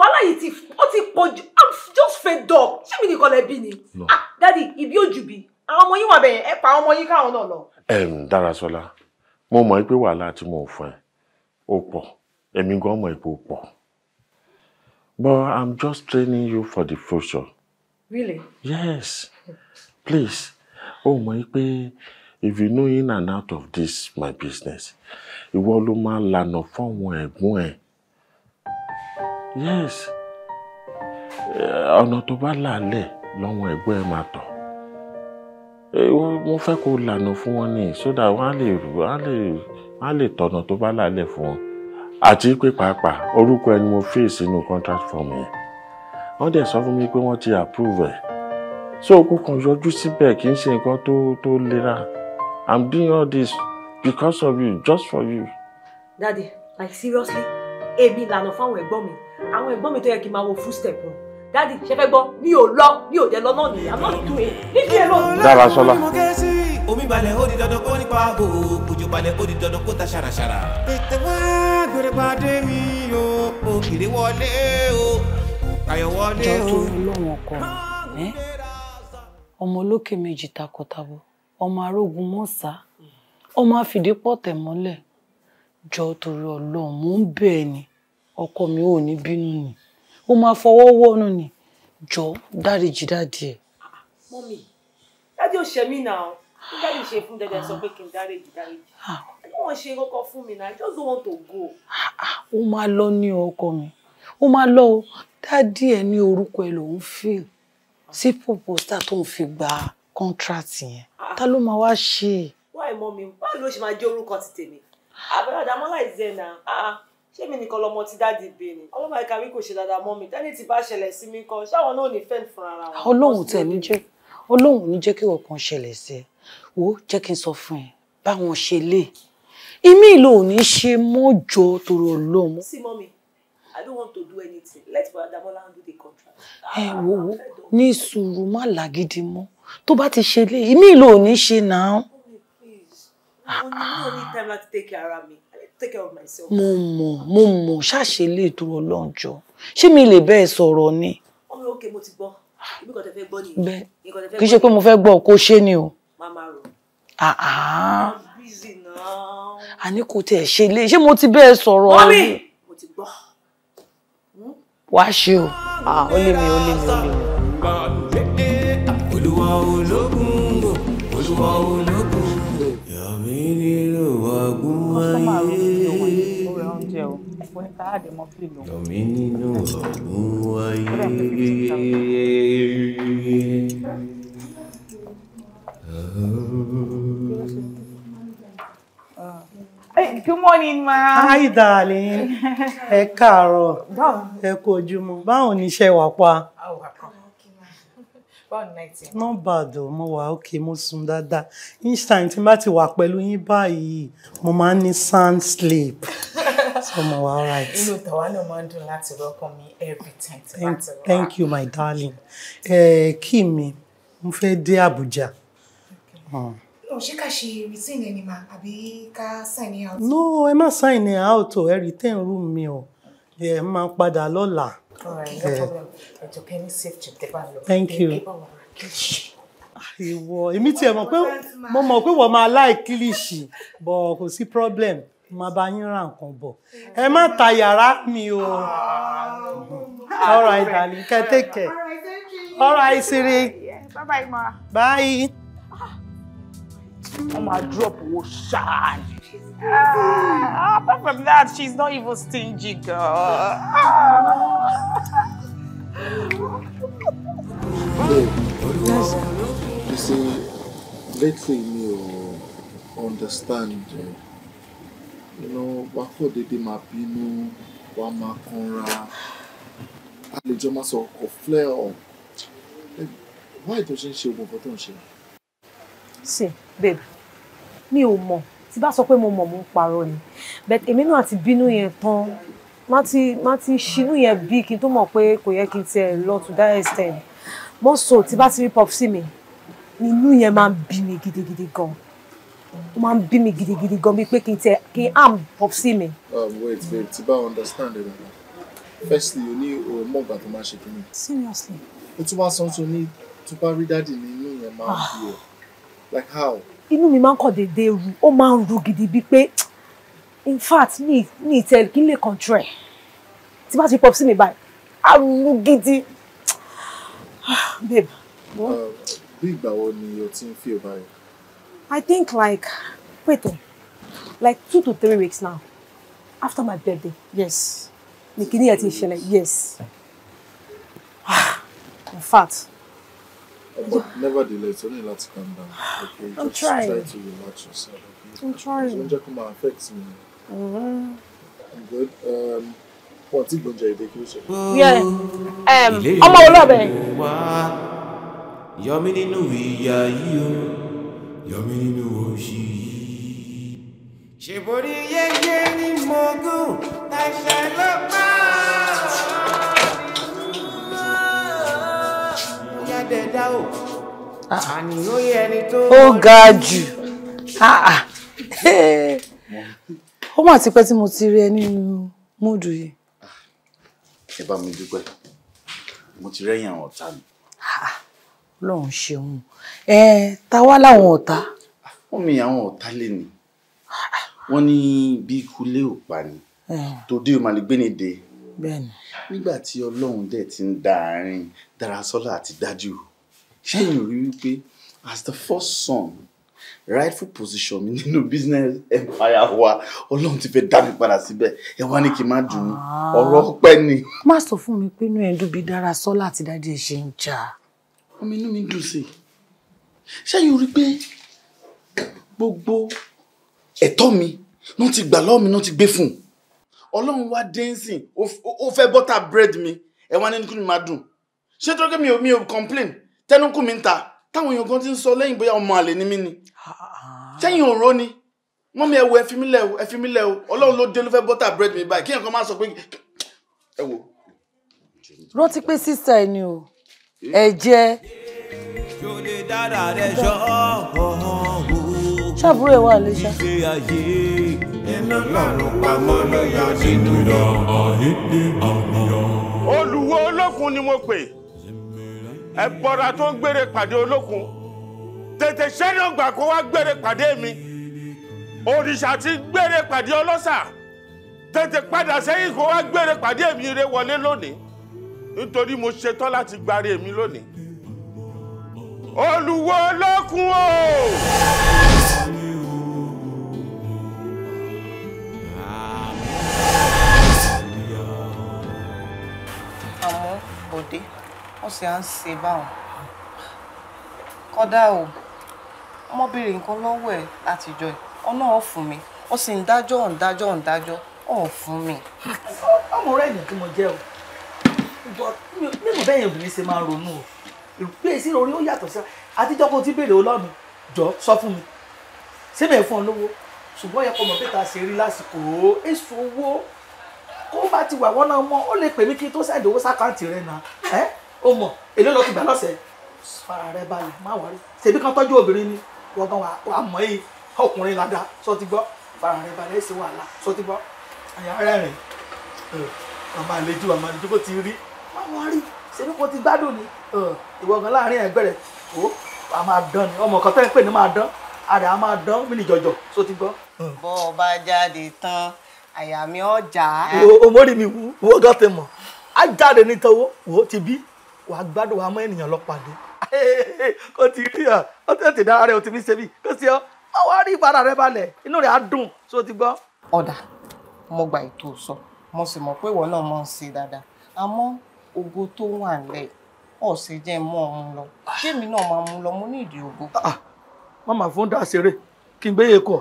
wàhálà yìí ti pọ̀ jù i'm just fed up ṣé mi nìkan lẹ bí ni ah, dádì ibi ojú bi àwọn ọmọ yín wà bẹ́ẹ̀ ẹ pa àwọn ọmọ yín káwọn náà lọ. Dárasọ́lá mo mọ̀ pé wàhálà tí mo fún ẹ ó pọ̀ èmi gan mọ̀ pé ó pọ̀ But I'm just training you for the future. Really? Yes. Please. Oh my pé if you know in and out of this my business, ìwọ ló máa lànà fọ́wọn ẹ̀gbọ́n ẹ̀. Yes. Ọ̀nà tó bá làálẹ̀ lọ́wọ́ ẹ̀gbọ́n ẹ̀ máa tọ̀. Mo fẹ́ kó lànà fún wọn ni so that wọ́n á lè tọ̀nà tó bá làálẹ̀ fún wọn àti pé pàápàá orúkọ ẹni mo fi sínú contract form yẹn wọ́n dẹ̀ sọ fún mi pé wọ́n ti approve ẹ̀ so kó kàn yọjú síbẹ̀ kì í ṣe nǹkan tó tó lera i'm doing all this because of you just for you. daddy like seriously èmi lànà fáwọn ẹ̀gbọ́n mi àwọn ẹ̀gbọ́n mi tó yẹ kí n máa wo footstep wọn dádì ṣe fẹ́ gbọ́ mi ò lọ mi ò jẹ́ lọ náà nìyí i'm not doing níbi ẹ̀ lọ́nà. dára sọlá. omi balẹ̀ ó di dandan kó nípa ààbò òjò balẹ̀ ó di dandan kó ta ṣàràṣàrà. pàdé mi o o o. tó lóun ọkọ rẹ ọmọ olókè méjì takọtabo ọmọ arógun mọ́sá ọmọ àfìdí pọ̀tẹ̀ mọ́lẹ̀ jọ torí ọlọ́run mò ń bẹ̀ ni ọkọ mi ò ní bínú ni ó máa fọwọ́ wọ́nu ni jọ dáríjì mọ́mí dájú ò ṣẹ́mi náà kí dáàdì ṣe fún dẹdẹ sọ pé kí n dáríjì dáríjì ah. wọn ṣe kọkọ fún mi náà I just don't want to go. Ah, ó máa lọ ní ọkọ mi ó máa lọ o dáàdì ẹ ní orúkọ ẹ lòún fèl sí proposal tó ń fi gba contract yẹn ah. ta ló máa wá ṣe. wáì mọ mi báwo ló ṣe máa jẹ orúkọ ti tèmi àbẹ̀rẹ̀ àdámọ́lá ìzẹ́nà ṣé mi nìkan lọmọ tí dáàdì bí ni ọlọ́mọ ìkàwé kò ṣe dáadáa mọ́ mi tẹ́lẹ̀ ti bá ṣẹlẹ̀ sí mi kan ṣáwọn náà ní fẹ́ẹ̀ fúnra wọn. ọlọ́run tẹ̀mí jẹ́ ọlọ́run ní jẹ́ kí wọ́n kan ṣẹlẹ̀ sí ẹ wò ó jẹ́ kí n sọ fún ẹ báwọn ṣe lè ìmí ìlò ò ní ṣe mọ́jọ torí ọlọ́run. I don't want to do anything let Adamola handle the contract. Ah, ẹ wo wo ní sùúrù má làgídí mọ́ tó bá ti ṣe lé ìmí ìlò ò ní ṣe náà. mo mọ̀ mo mọ̀ ṣáṣe lè torí ọlọ́run jọ ṣé mi lè bẹ́ẹ̀ sọ̀rọ̀ ni. ọmọ òkè mo ti gbọ́ bẹ́ẹ̀ kì í ṣe pé mo fẹ́ gbọ́ kó ṣe ni o ah, ah. àní kò tẹ̀ ṣe lé ṣé mo ti bẹ́ẹ̀ sọ̀rọ̀ ọ̀rọ̀ hmm? wá ṣe o ah, ó lé mi ó lé mi ó lé mi. olúwa ológun olúwa ológun yàmi nínú àgùnmáyé fún ẹ káàdì fi lò. lọ́mí nínú ọ̀gbun ayé. good morning, ma. Hi, darling. Ẹ káàárọ̀. Ẹ kú ojúmọ́. Báwo ni iṣẹ́ wà pa? Báwo wà pa? báwo ni night yẹn. not bad o mo wà okay mo sùn dáadáa each time tí n bá ti wà pẹ̀lú yín báyìí mo máa ń ní sound sleep so mo wà alright. inú tàwa náà máa ń dùn láti welcome me every time tí thank you my darling eh, kí mi mo fẹ́ dé Àbújá. No, hmm. oh, ṣé ká ṣe retain ẹni ma àbí ká sign ẹ out? No, ẹ má sign ẹ out o, ẹ retain room mi o, ẹ máa padà lọ́la. Thank you. Ah, ìwọ, èmi tiẹ̀ mọ̀ pé mo mọ̀ pé wọ́n máa láì kílìṣì, bọ̀ kò sí problem, mo bá yín ra nǹkan bọ̀. Ẹ má ta yàrá mi o. Ah. All right, darling, kẹ́ take care. All right, Siri. Bye bye, ma. Bye. Wọ́n máa drop owó ṣáà Uh, apart from that, she's not even stingy, girl. Hey, you see, lately you understand, you know, báwo dédé máa bínú, wá máa kanra, a lè flare up. Eh, why tó ṣe ń ṣe ogun ọkọ̀ tó See, babe, me ò tí bá sọ pé mo mọ̀ mo ń ni but èmi náà ti bínú yẹn tán má ti má ti ṣinú yẹn bí kí n tó mọ̀ pé kò yẹ kí n to that extent mọ́ so tí bá ti rí pop sí mi inú yẹn máa ń bí gidi gidi gan ó máa ń bí mi gidigidi gan bíi pé kí n tiẹ̀ am pop sí mi. Um, wait babe tí bá understand ẹ firstly you ní o mọ̀ ìgbà tó máa ṣe fún seriously. o tún wá sọ tó ní tó bá rí dáàdì nínú yẹn máa ń ah. like how inú mi máa ń kàn déédéé ru ó máa ń ru gidi bíi pé in fact ní ìtẹ kí n lè control ẹ tí bá ti pop sí mi báyìí á ru gidi babe. bí ìgbà wo ni o ti ń fi ọba rẹ. I think like wait o oh, like two to three weeks now after my birthday yes ni kí ni ti ṣẹlẹ̀ yes in fact. But nevertheless, you need to calm down. Okay, I'm just trying. try to relax yourself. Okay? I'm trying. Gonja come affects me. Mm-hmm. good. Um, what did Gonja Yeah. Um, ọmọ olóbẹ̀. Yọ mí nínú ìyà yìí o, yọ mí nínú òṣì yìí. Ṣèborí ni mo gùn, láìṣẹ́ lọ́pẹ́. o ah. àníyàn yẹ ẹni tó. ó ga jù ah, ah. ó mà ti pẹ́ tí mo ti rí ẹ nínú múdù yìí. ẹ bá mi dúpẹ́ mo ti rẹ́yìn àwọn ọ̀tá mi. ọlọ́run ṣeun ẹ ta wá láwọn ọ̀tá. wọ́n mi àwọn ọ̀tá lè ní wọ́n ní bí ikú lé ò pa ni tó dé o máa lè gbé ní de. nígbà tí ọlọ́run dẹ̀ ti ń da àárín Dárasọ́lá àti Dájú ṣẹ́yìn rí wípé as the first son rightful position mi nínú business empire wa ọlọ́run ti fẹ́ dá mi padà síbẹ̀ ẹ wá ní kí n má dùn ah. ọ̀rọ̀ pẹ́ ni. má sọ fún mi pé inú ẹ̀ ń dùn bí dára sọ́lá àti dáadé ṣe ń jà. ọmọ inú mi dùn sí i ṣẹ́yìn rí pé gbogbo ẹ̀tọ́ mi náà ti gbà lọ́wọ́ mi náà ti gbé fún un ọlọ́run wá dancing ó fẹ́ bọ́tà bread mi ẹ wá ní kí n má dùn ṣé tó kẹ́ mi ò mi ò complain tẹnukù mi ń ta táwọn èèyàn kan ti ń sọ lẹ́yìn bóyá ọmọ àlè ni mí ni sẹ́yìn òró ni wọ́n mi ẹ̀wọ̀ ẹ̀fimilẹ̀ o ẹ̀fimilẹ̀ o ọlọ́run ló dé ló fẹ́ bọ́tà bread mi báyìí kíyàn kan máa sọ pé ẹ wò. rántí pé sísá ẹ ni o ẹ jẹ. ṣàbúrò ẹ wà lè olùwọ́ olókun ni mo pè ẹ bọ́ra tó ń gbére pàdé olókun tètè sẹ́ni ọgbà kó wá gbére pàdé mi òrìṣà ti gbére pàdé ọlọ́ṣà tètè padà sẹ́yìn kó wá gbére pàdé mi rè wọlé lónìí nítorí mo ṣetán láti gbáre mi lónìí olùwọ olókun o. àmọ́ òde wọ́n sì à ń ṣe báwọn kódà o ọmọ béèrè nǹkan lọ́wọ́ ẹ̀ látijọ́ ẹ̀ ọ̀nà ọ̀ fún mi ó sì ń dájọ́ ọ̀ ń dájọ́ ọ̀ ń dájọ́ ọ̀ mi. ọmọ rẹ ìyàn tí mo jẹ o mímọ bẹ́ẹ̀ yẹn obìnrin ṣe máa ń ronú o ìpè sí orí ó yàtọ̀ sí àtijọ́ kó o ti béèrè olóòdù jọ sọ fún mi síbẹ̀ fún ọ lówó ṣùgbọ́n yẹ kó mọ̀ pété àṣẹ rí lásìkò èso owó kó bá ti wà wọ́n náà mọ́ ó lè pè mí kí n tó ṣàdéwó sákàǹtì rẹ̀ náà ẹ́ o mọ̀ èlé lọ́ọ́ ti gbà lọ́sẹ̀ fara rẹ balẹ̀ má wà rí ṣèbí kan tọ́jú obìnrin ni wọ́n gan wà mọ́ yìí ọkùnrin ládàá sọ ti gbọ́ fara rẹ balẹ̀ ẹ̀ sì wàhálà sọ ti gbọ́ àyà rẹ́rìn màmá àlejò màmá àlejò kò ti rí má wà rí ṣèbí kò ti gbádùn ni ìwọ gan láàrin ẹgbẹ́ rẹ̀ o a máa dán ni ọmọ kan tẹ́ ń pè ní máa dán àrẹ a máa dán mí ní jọjọ sọ ti gbọ́. bọ́ ọ bá jáde tán àyà mi ọjà. òmórì mi wọ́n gán mọ̀ á jáde nítorí wo ti bí wàá gbádùn wàá mọ ènìyàn lọ pàdé. o ti rí ọ o tètè dára rẹ o ti fi ṣe bí kò sí ọ ọ wá rí ìpadà rẹ balẹ̀ inú rẹ á dùn so ti gbọ́. ọ̀dà mo gba ètò sọ mo sì mọ̀ pé ìwọ náà mọ̀ ń ṣe dáadáa àmọ́ ògo tó wà lẹ̀ ọ̀sẹ̀ jẹ́ mọ́ ọ̀hún lọ jẹ́mi náà máa mú lọ mo ní ìdí ògo. Ah, ah. mama fún dá ṣeré kí n gbéye kọ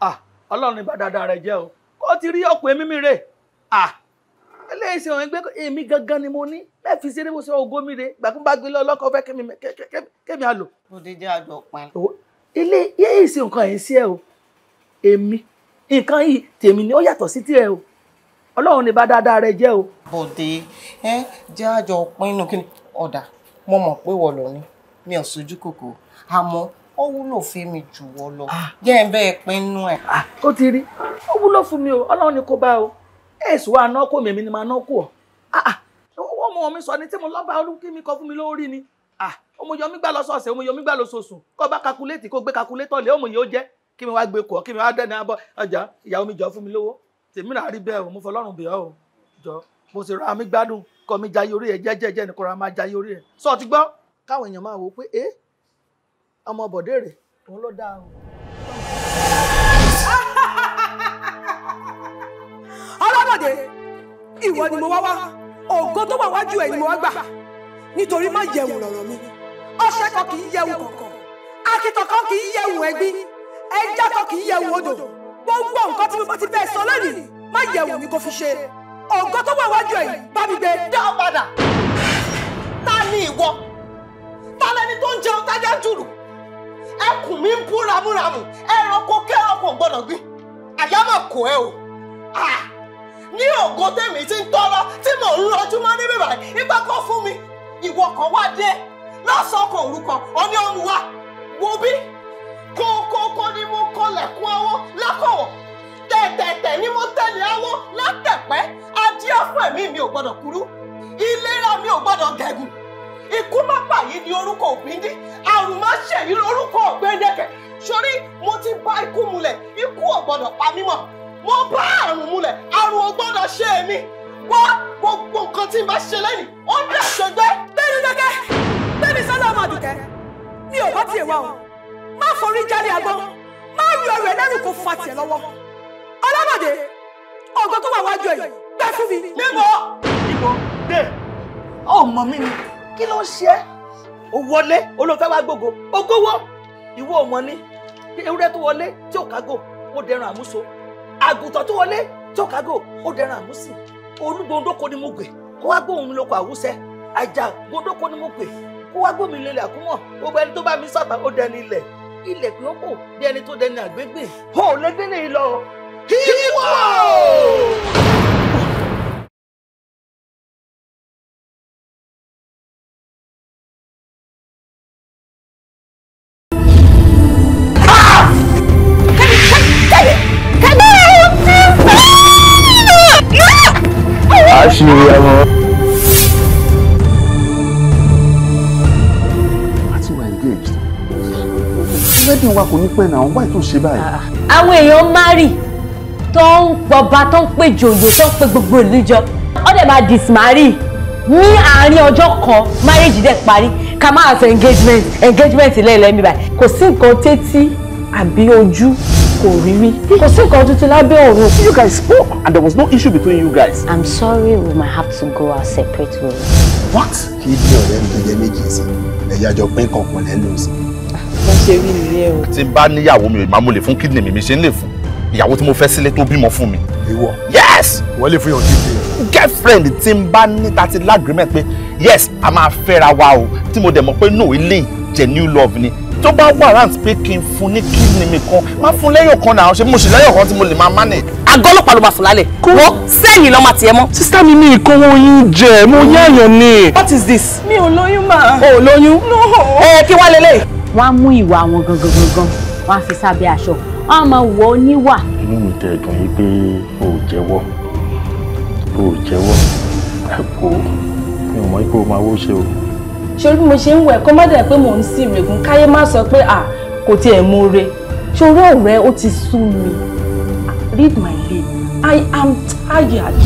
ah, ọlọ́run ní dáadáa rẹ jẹ́ o kó ti rí ọ̀pọ̀ èmi mi rè eléyìí ṣe òun gbé èmi gangan ni mo ní ẹ fi ṣeré bó ṣe ogó mi re gbàgbọ́n bá gbé lọ́kọ fẹ́ kẹ́mi kẹ́mi àlò. bòde jẹ́ àjọ pin. ilé yéé ṣe nǹkan ẹ̀ ń sí ẹ o èmi nǹkan yìí tèmi ni ó yàtọ̀ sí tirẹ̀ o ọlọ́run ní bá dáadáa rẹ jẹ́ o. bòde ẹ jẹ́ àjọ pinnu kí ni ọ̀dà mo mọ̀ pé wọ́n lọ ni mi ò sojú kòkò àmọ́ ó wúlò fún mi jù wọ́ lọ ah. jẹ́ ẹ bẹ́ẹ̀ pinnu ẹ̀. Ah, ó ti rí ó wúlò fún mi o ọlọ́run ni kó bá o ẹ̀sùn wa náà kò mẹ́mí ni màá náà kò ọ́ ah, owó ọmọ mi sọ ni tí mo lọ́ba olúkí mi kọ fún mi lórí ni ọmọyọmí gbà lọ́sọ̀ọ̀sẹ̀ ọmọyọmí gbà lọ́sọ̀ọ̀sù kọ́ bá kakuléètì kó gbé kakuléètọ̀ lé ọmọyẹ ó jẹ́ kí mi wá gbé kọ́ kí mi wá dẹ́ni abọ́ ọjà ìyàwó mi jọ fún mi lówó tèmi náà rí bẹ́ẹ̀ o mo fọlọ́run bẹ̀ ọ́ jọ mo sì ra mi gbádùn kọ́ mi jayé orí ẹ̀ jẹ́jẹ́jẹ́ ní kọ́ra máa jayé orí ẹ̀ sọ ti gbọ́ káwọn èèyàn máa wò ó pé ẹ ọmọ bọ̀dé rẹ̀ òun ló dáa o. ọlọ́bọ̀dé ìwọ ni mo wá wá ògo tó wà wájú ẹ̀ ni mo wá gbà nítorí má yẹ̀wù lọ̀rọ̀ mi ọṣẹ kan kì í yẹ̀wù kọ̀ọ̀kan akitọ̀ kan kì í yẹ̀wù ẹ̀gbin ẹja kan kì í yẹ̀wù odò wọ́n gbọ́ nǹkan tí mo bá ti bẹ́ẹ̀ sọ lónìí má yẹ̀wù mi kò fi ṣe ògo tó wà wájú ẹ̀ bá mi gbé dá padà ta ni ìwọ ta lẹni tó ń jẹun tájá jùlù ẹkùn mi ń bú ramúramù ẹranko kẹranko gbọ́dọ̀ gbìn àyà kò ẹ o. Ah! ní ògo tèmi tí ń tọrọ tí mò ń rọjúmọ́ níbí báyìí nígbà kan fún mi ìwọ kan wá dé lọ́sàn-án kan òru kan ọ̀ní ọ̀run wa wo bí kókókó ni mo kọlẹ̀kùn awọ́ lákọ̀wọ̀ tẹ̀tẹ̀tẹ̀ ni mo tẹ̀lé awọ́ látẹ̀pẹ́ ajé fún ẹ̀mí mi ò gbọ́dọ̀ kúrú ìlera mi ò gbọ́dọ̀ gẹ̀gùn ikú má pààyè ni orúkọ òbíndí àrùn má ṣèyí lórúkọ ọ̀gbẹ́ndẹ̀kẹ̀ sórí mo ti bá ikú mulẹ̀ ikú ò gbọ́dọ̀ pa mí mo bá àrùn múlẹ̀ àrùn ò gbọ́dọ̀ ṣe èmi wọ́n gbogbo nǹkan tí n bá ṣe lẹ́yìn ó ń dà ṣẹgbẹ́. bẹ́ẹ̀ni dẹ́gẹ́ bẹ́ẹ̀ni sọ́lá ọmọ àdùkẹ́ mi ò bá tiẹ̀ wá o má forí jáde àgbọn má rí ọ̀rọ̀ ẹ̀ kó fa tiẹ̀ lọ́wọ́ ọlọ́mọdé ọ̀gbọ́n tó wà wájú ẹ̀ gbẹ́ fún mi. níbo níbo dé ọmọ mi ni kí ló ń ṣe é o wọlé olóòfẹ́ wa gbogbo ogówó ìwọ ọmọ ni ewúrẹ́ tó wọlé tí ò kágò ó dẹran àmúso àgùntàn tó wọlé tó kágò ó dẹran àmúsìn olúgbòndóko ni mo gbè kó wá gbóhùn mi lóko àwùsẹ àjà gbòndóko ni mo gbè kó wá gbóhùn mi lélẹ̀ àkúmọ̀ gbogbo ẹni tó bá mi sọ̀tà ó dẹni ilẹ̀ ilẹ̀ pé ó kò bí ẹni tó dẹni àgbégbè ó lé délé yìí lọ. kíwọ́. pẹ́ náà wáyé tó ń ṣe báyìí. Ah, àwọn èèyàn mari tó ń pọba tó ń pè jòyè tó ń pè gbogbo ìlú jọ ó dẹ̀ máa dismarry ní àárín ọjọ́ kan marriage dẹ̀ parí ká máa sọ engagement engagement lẹ́ẹ̀lẹ́ mi báyìí kò sí nǹkan tẹ́tí àbí ojú kò rí rí kò sí nǹkan tuntun lábẹ́ ọ̀run. you guys spoke and there was no issue between you guys. i'm sorry we might have to go our separate ways. what. kí ni ọ̀rẹ́ mi tó jẹ́ méjì sí ẹ̀yà àjọpín kankan lẹ́nu sí i ṣe rí nìyẹn o. tí n bá níyàwó mi màá mo lè fún kídìnì mi mi ṣe ń lè fún ìyàwó tí mo fẹ́ sílé tó bímọ fún mi. ìwọ yes. ìwọ lè fún yàn kídìnì. girlfriend tí n bá ní tàti lágrímẹ̀ pé yes a máa fẹ́ra wa o tí mo dẹ̀ mọ̀ pé no ilé genuine love ni tó bá warrant pé kí n fún ní kídìnì mi kan má fún lẹ́yọ̀ kan náà ṣe mo sì lẹ́yọ̀ kan tí mo lè máa manage. àgọ́ ló máa sùn lálẹ́ wọ́n sẹ́ẹ̀lì lọ́ọ́ tiẹ̀ mọ́. sísá mi ní ìkówó yín jẹ mo yáyàn ni. what is this. mi ò lóyún mà. o ò lóyún. no. ẹ eh, kí wá lélẹ̀ wọ́n á mú ìwà wọn gangan gangan wọ́n á fi sábẹ́ aṣọ wọ́n á máa wọ oníwà. inú mi tẹ̀ dùn yìí pé o ò jẹ́wọ́ o ò jẹ́wọ́ ẹ kó mi ò mọ̀ pé máa wó ṣe o. ṣé bí mo ṣe ń wẹ̀ kó má dẹ̀ pé mò ń sí ìrègùn káyé má sọ pé à kò tiẹ̀ mú ṣé orí ọ̀rẹ́ ó ti sú mi read my lip I am tired.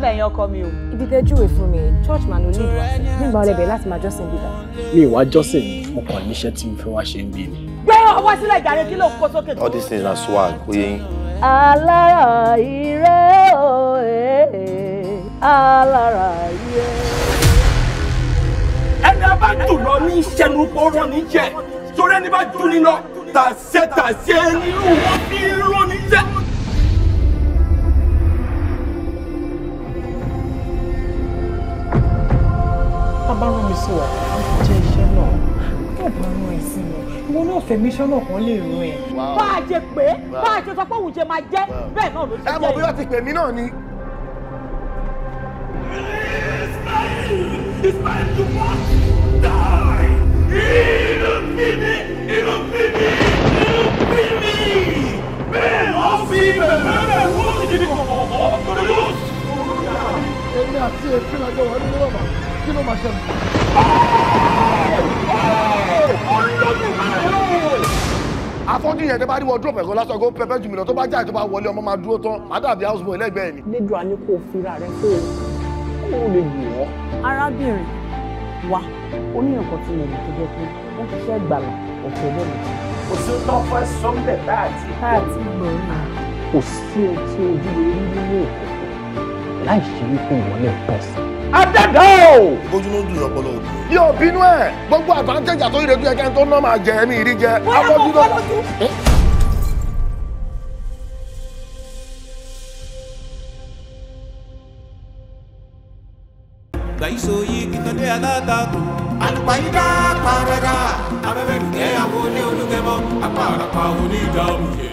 ń bẹ̀ yẹn ọkọ mi o. ibi tẹ́ fún mi church man ò lead wa sí nígbà ọlẹ́bẹ̀ láti máa jọ́sìn bíbá. mi ìwà jọ́sìn mo kàn níṣẹ́ tí mo fẹ́ wá ṣe ń bí ni. gbé ọwọ́ sílẹ̀ jàre kí ló kó sókè. all these things na swag ó yẹ yín. alára ire ooo alára ire. ẹni a bá jù lọ ní ìṣẹ́nu kóró ní jẹ torí ẹni bá jù ní lọ tàṣẹ tàṣẹ nínú wọn fi rán ní jẹ. mi sí wa jẹ́ iṣẹ́ náà tó bá rán ẹ sí mi ìwọ náà fẹ̀mí iṣẹ́ náà kan lè rán ẹ. bá a jẹ pé bá a jẹ sọ pé òun jẹ máa jẹ bẹ́ẹ̀ náà ló ṣe jẹ́ ẹ. ẹ mọ̀ bí wọ́n ti pè mí náà ni. It's my to watch die. It'll be me. It'll be me. It'll be me. Bẹ́ẹ̀ lọ sí bẹ̀rẹ̀ bẹ̀rẹ̀ wọ́n ti di kọ̀ọ̀kọ̀ ọ̀kọ̀ lọ́sùn. Èmi àti èéfín àjọ wà nínú ọ̀bà kí ló máa ṣẹlẹ̀? afọ́jú yẹn tẹ́ bá rí wọ́dúrọ̀ pẹ̀kọ́ lásán kó pẹpẹ jù mí lọ tó bá jáde tó bá wọlé ọmọ máa dúró tán má dàbí houseboy lẹ́gbẹ̀ẹ́ ni. nídùú a ní kó o fira rẹ kó o kó o lè lù ọ́. arábìnrin wa ó ní nǹkan tí mo lè tó jẹ́ pé wọ́n ṣiṣẹ́ ìgbàlà ọ̀fẹ́ lónìí. kò sí tó fẹ́ sọ́ńdẹ̀ táàtì. táàtì gbọ̀nà. kò sí ohun tí ojú lè rí nínú òkùnkùn láì ṣe adada o. bójúmọ́ dùn yín ọpọlọ òkú. bí òbínú ẹ̀ gbogbo advantage tó yẹ kí ẹ kẹ́ni tó ná máa jẹ ẹni ìrí jẹ. bóyá mo kọ́ lọ́dún. gbàyísọ yìí kìtọ́dé alátakùn. àlùpàyídá pàrọ̀dà abẹ́bẹ̀ nìkẹ́ àwọn oníolùkẹ́mọ́ apá àràpà onígbà òye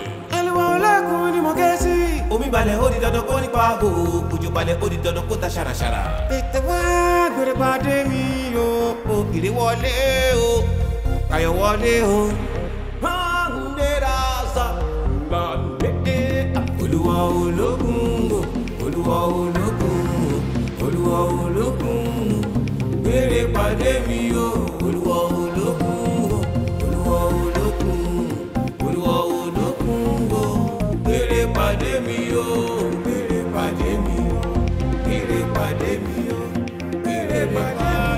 omi balẹ̀ ó di dandan kó nípa ààbò òjò balẹ̀ ó di dandan kó ta ṣàràṣàrà. tètè wá gbèrè mi o ògiri wọlé o ayọ̀ wọlé o. olùwà ológun o olùwà ológun o olùwà ológun gbèrè pàdé mi o. Bye.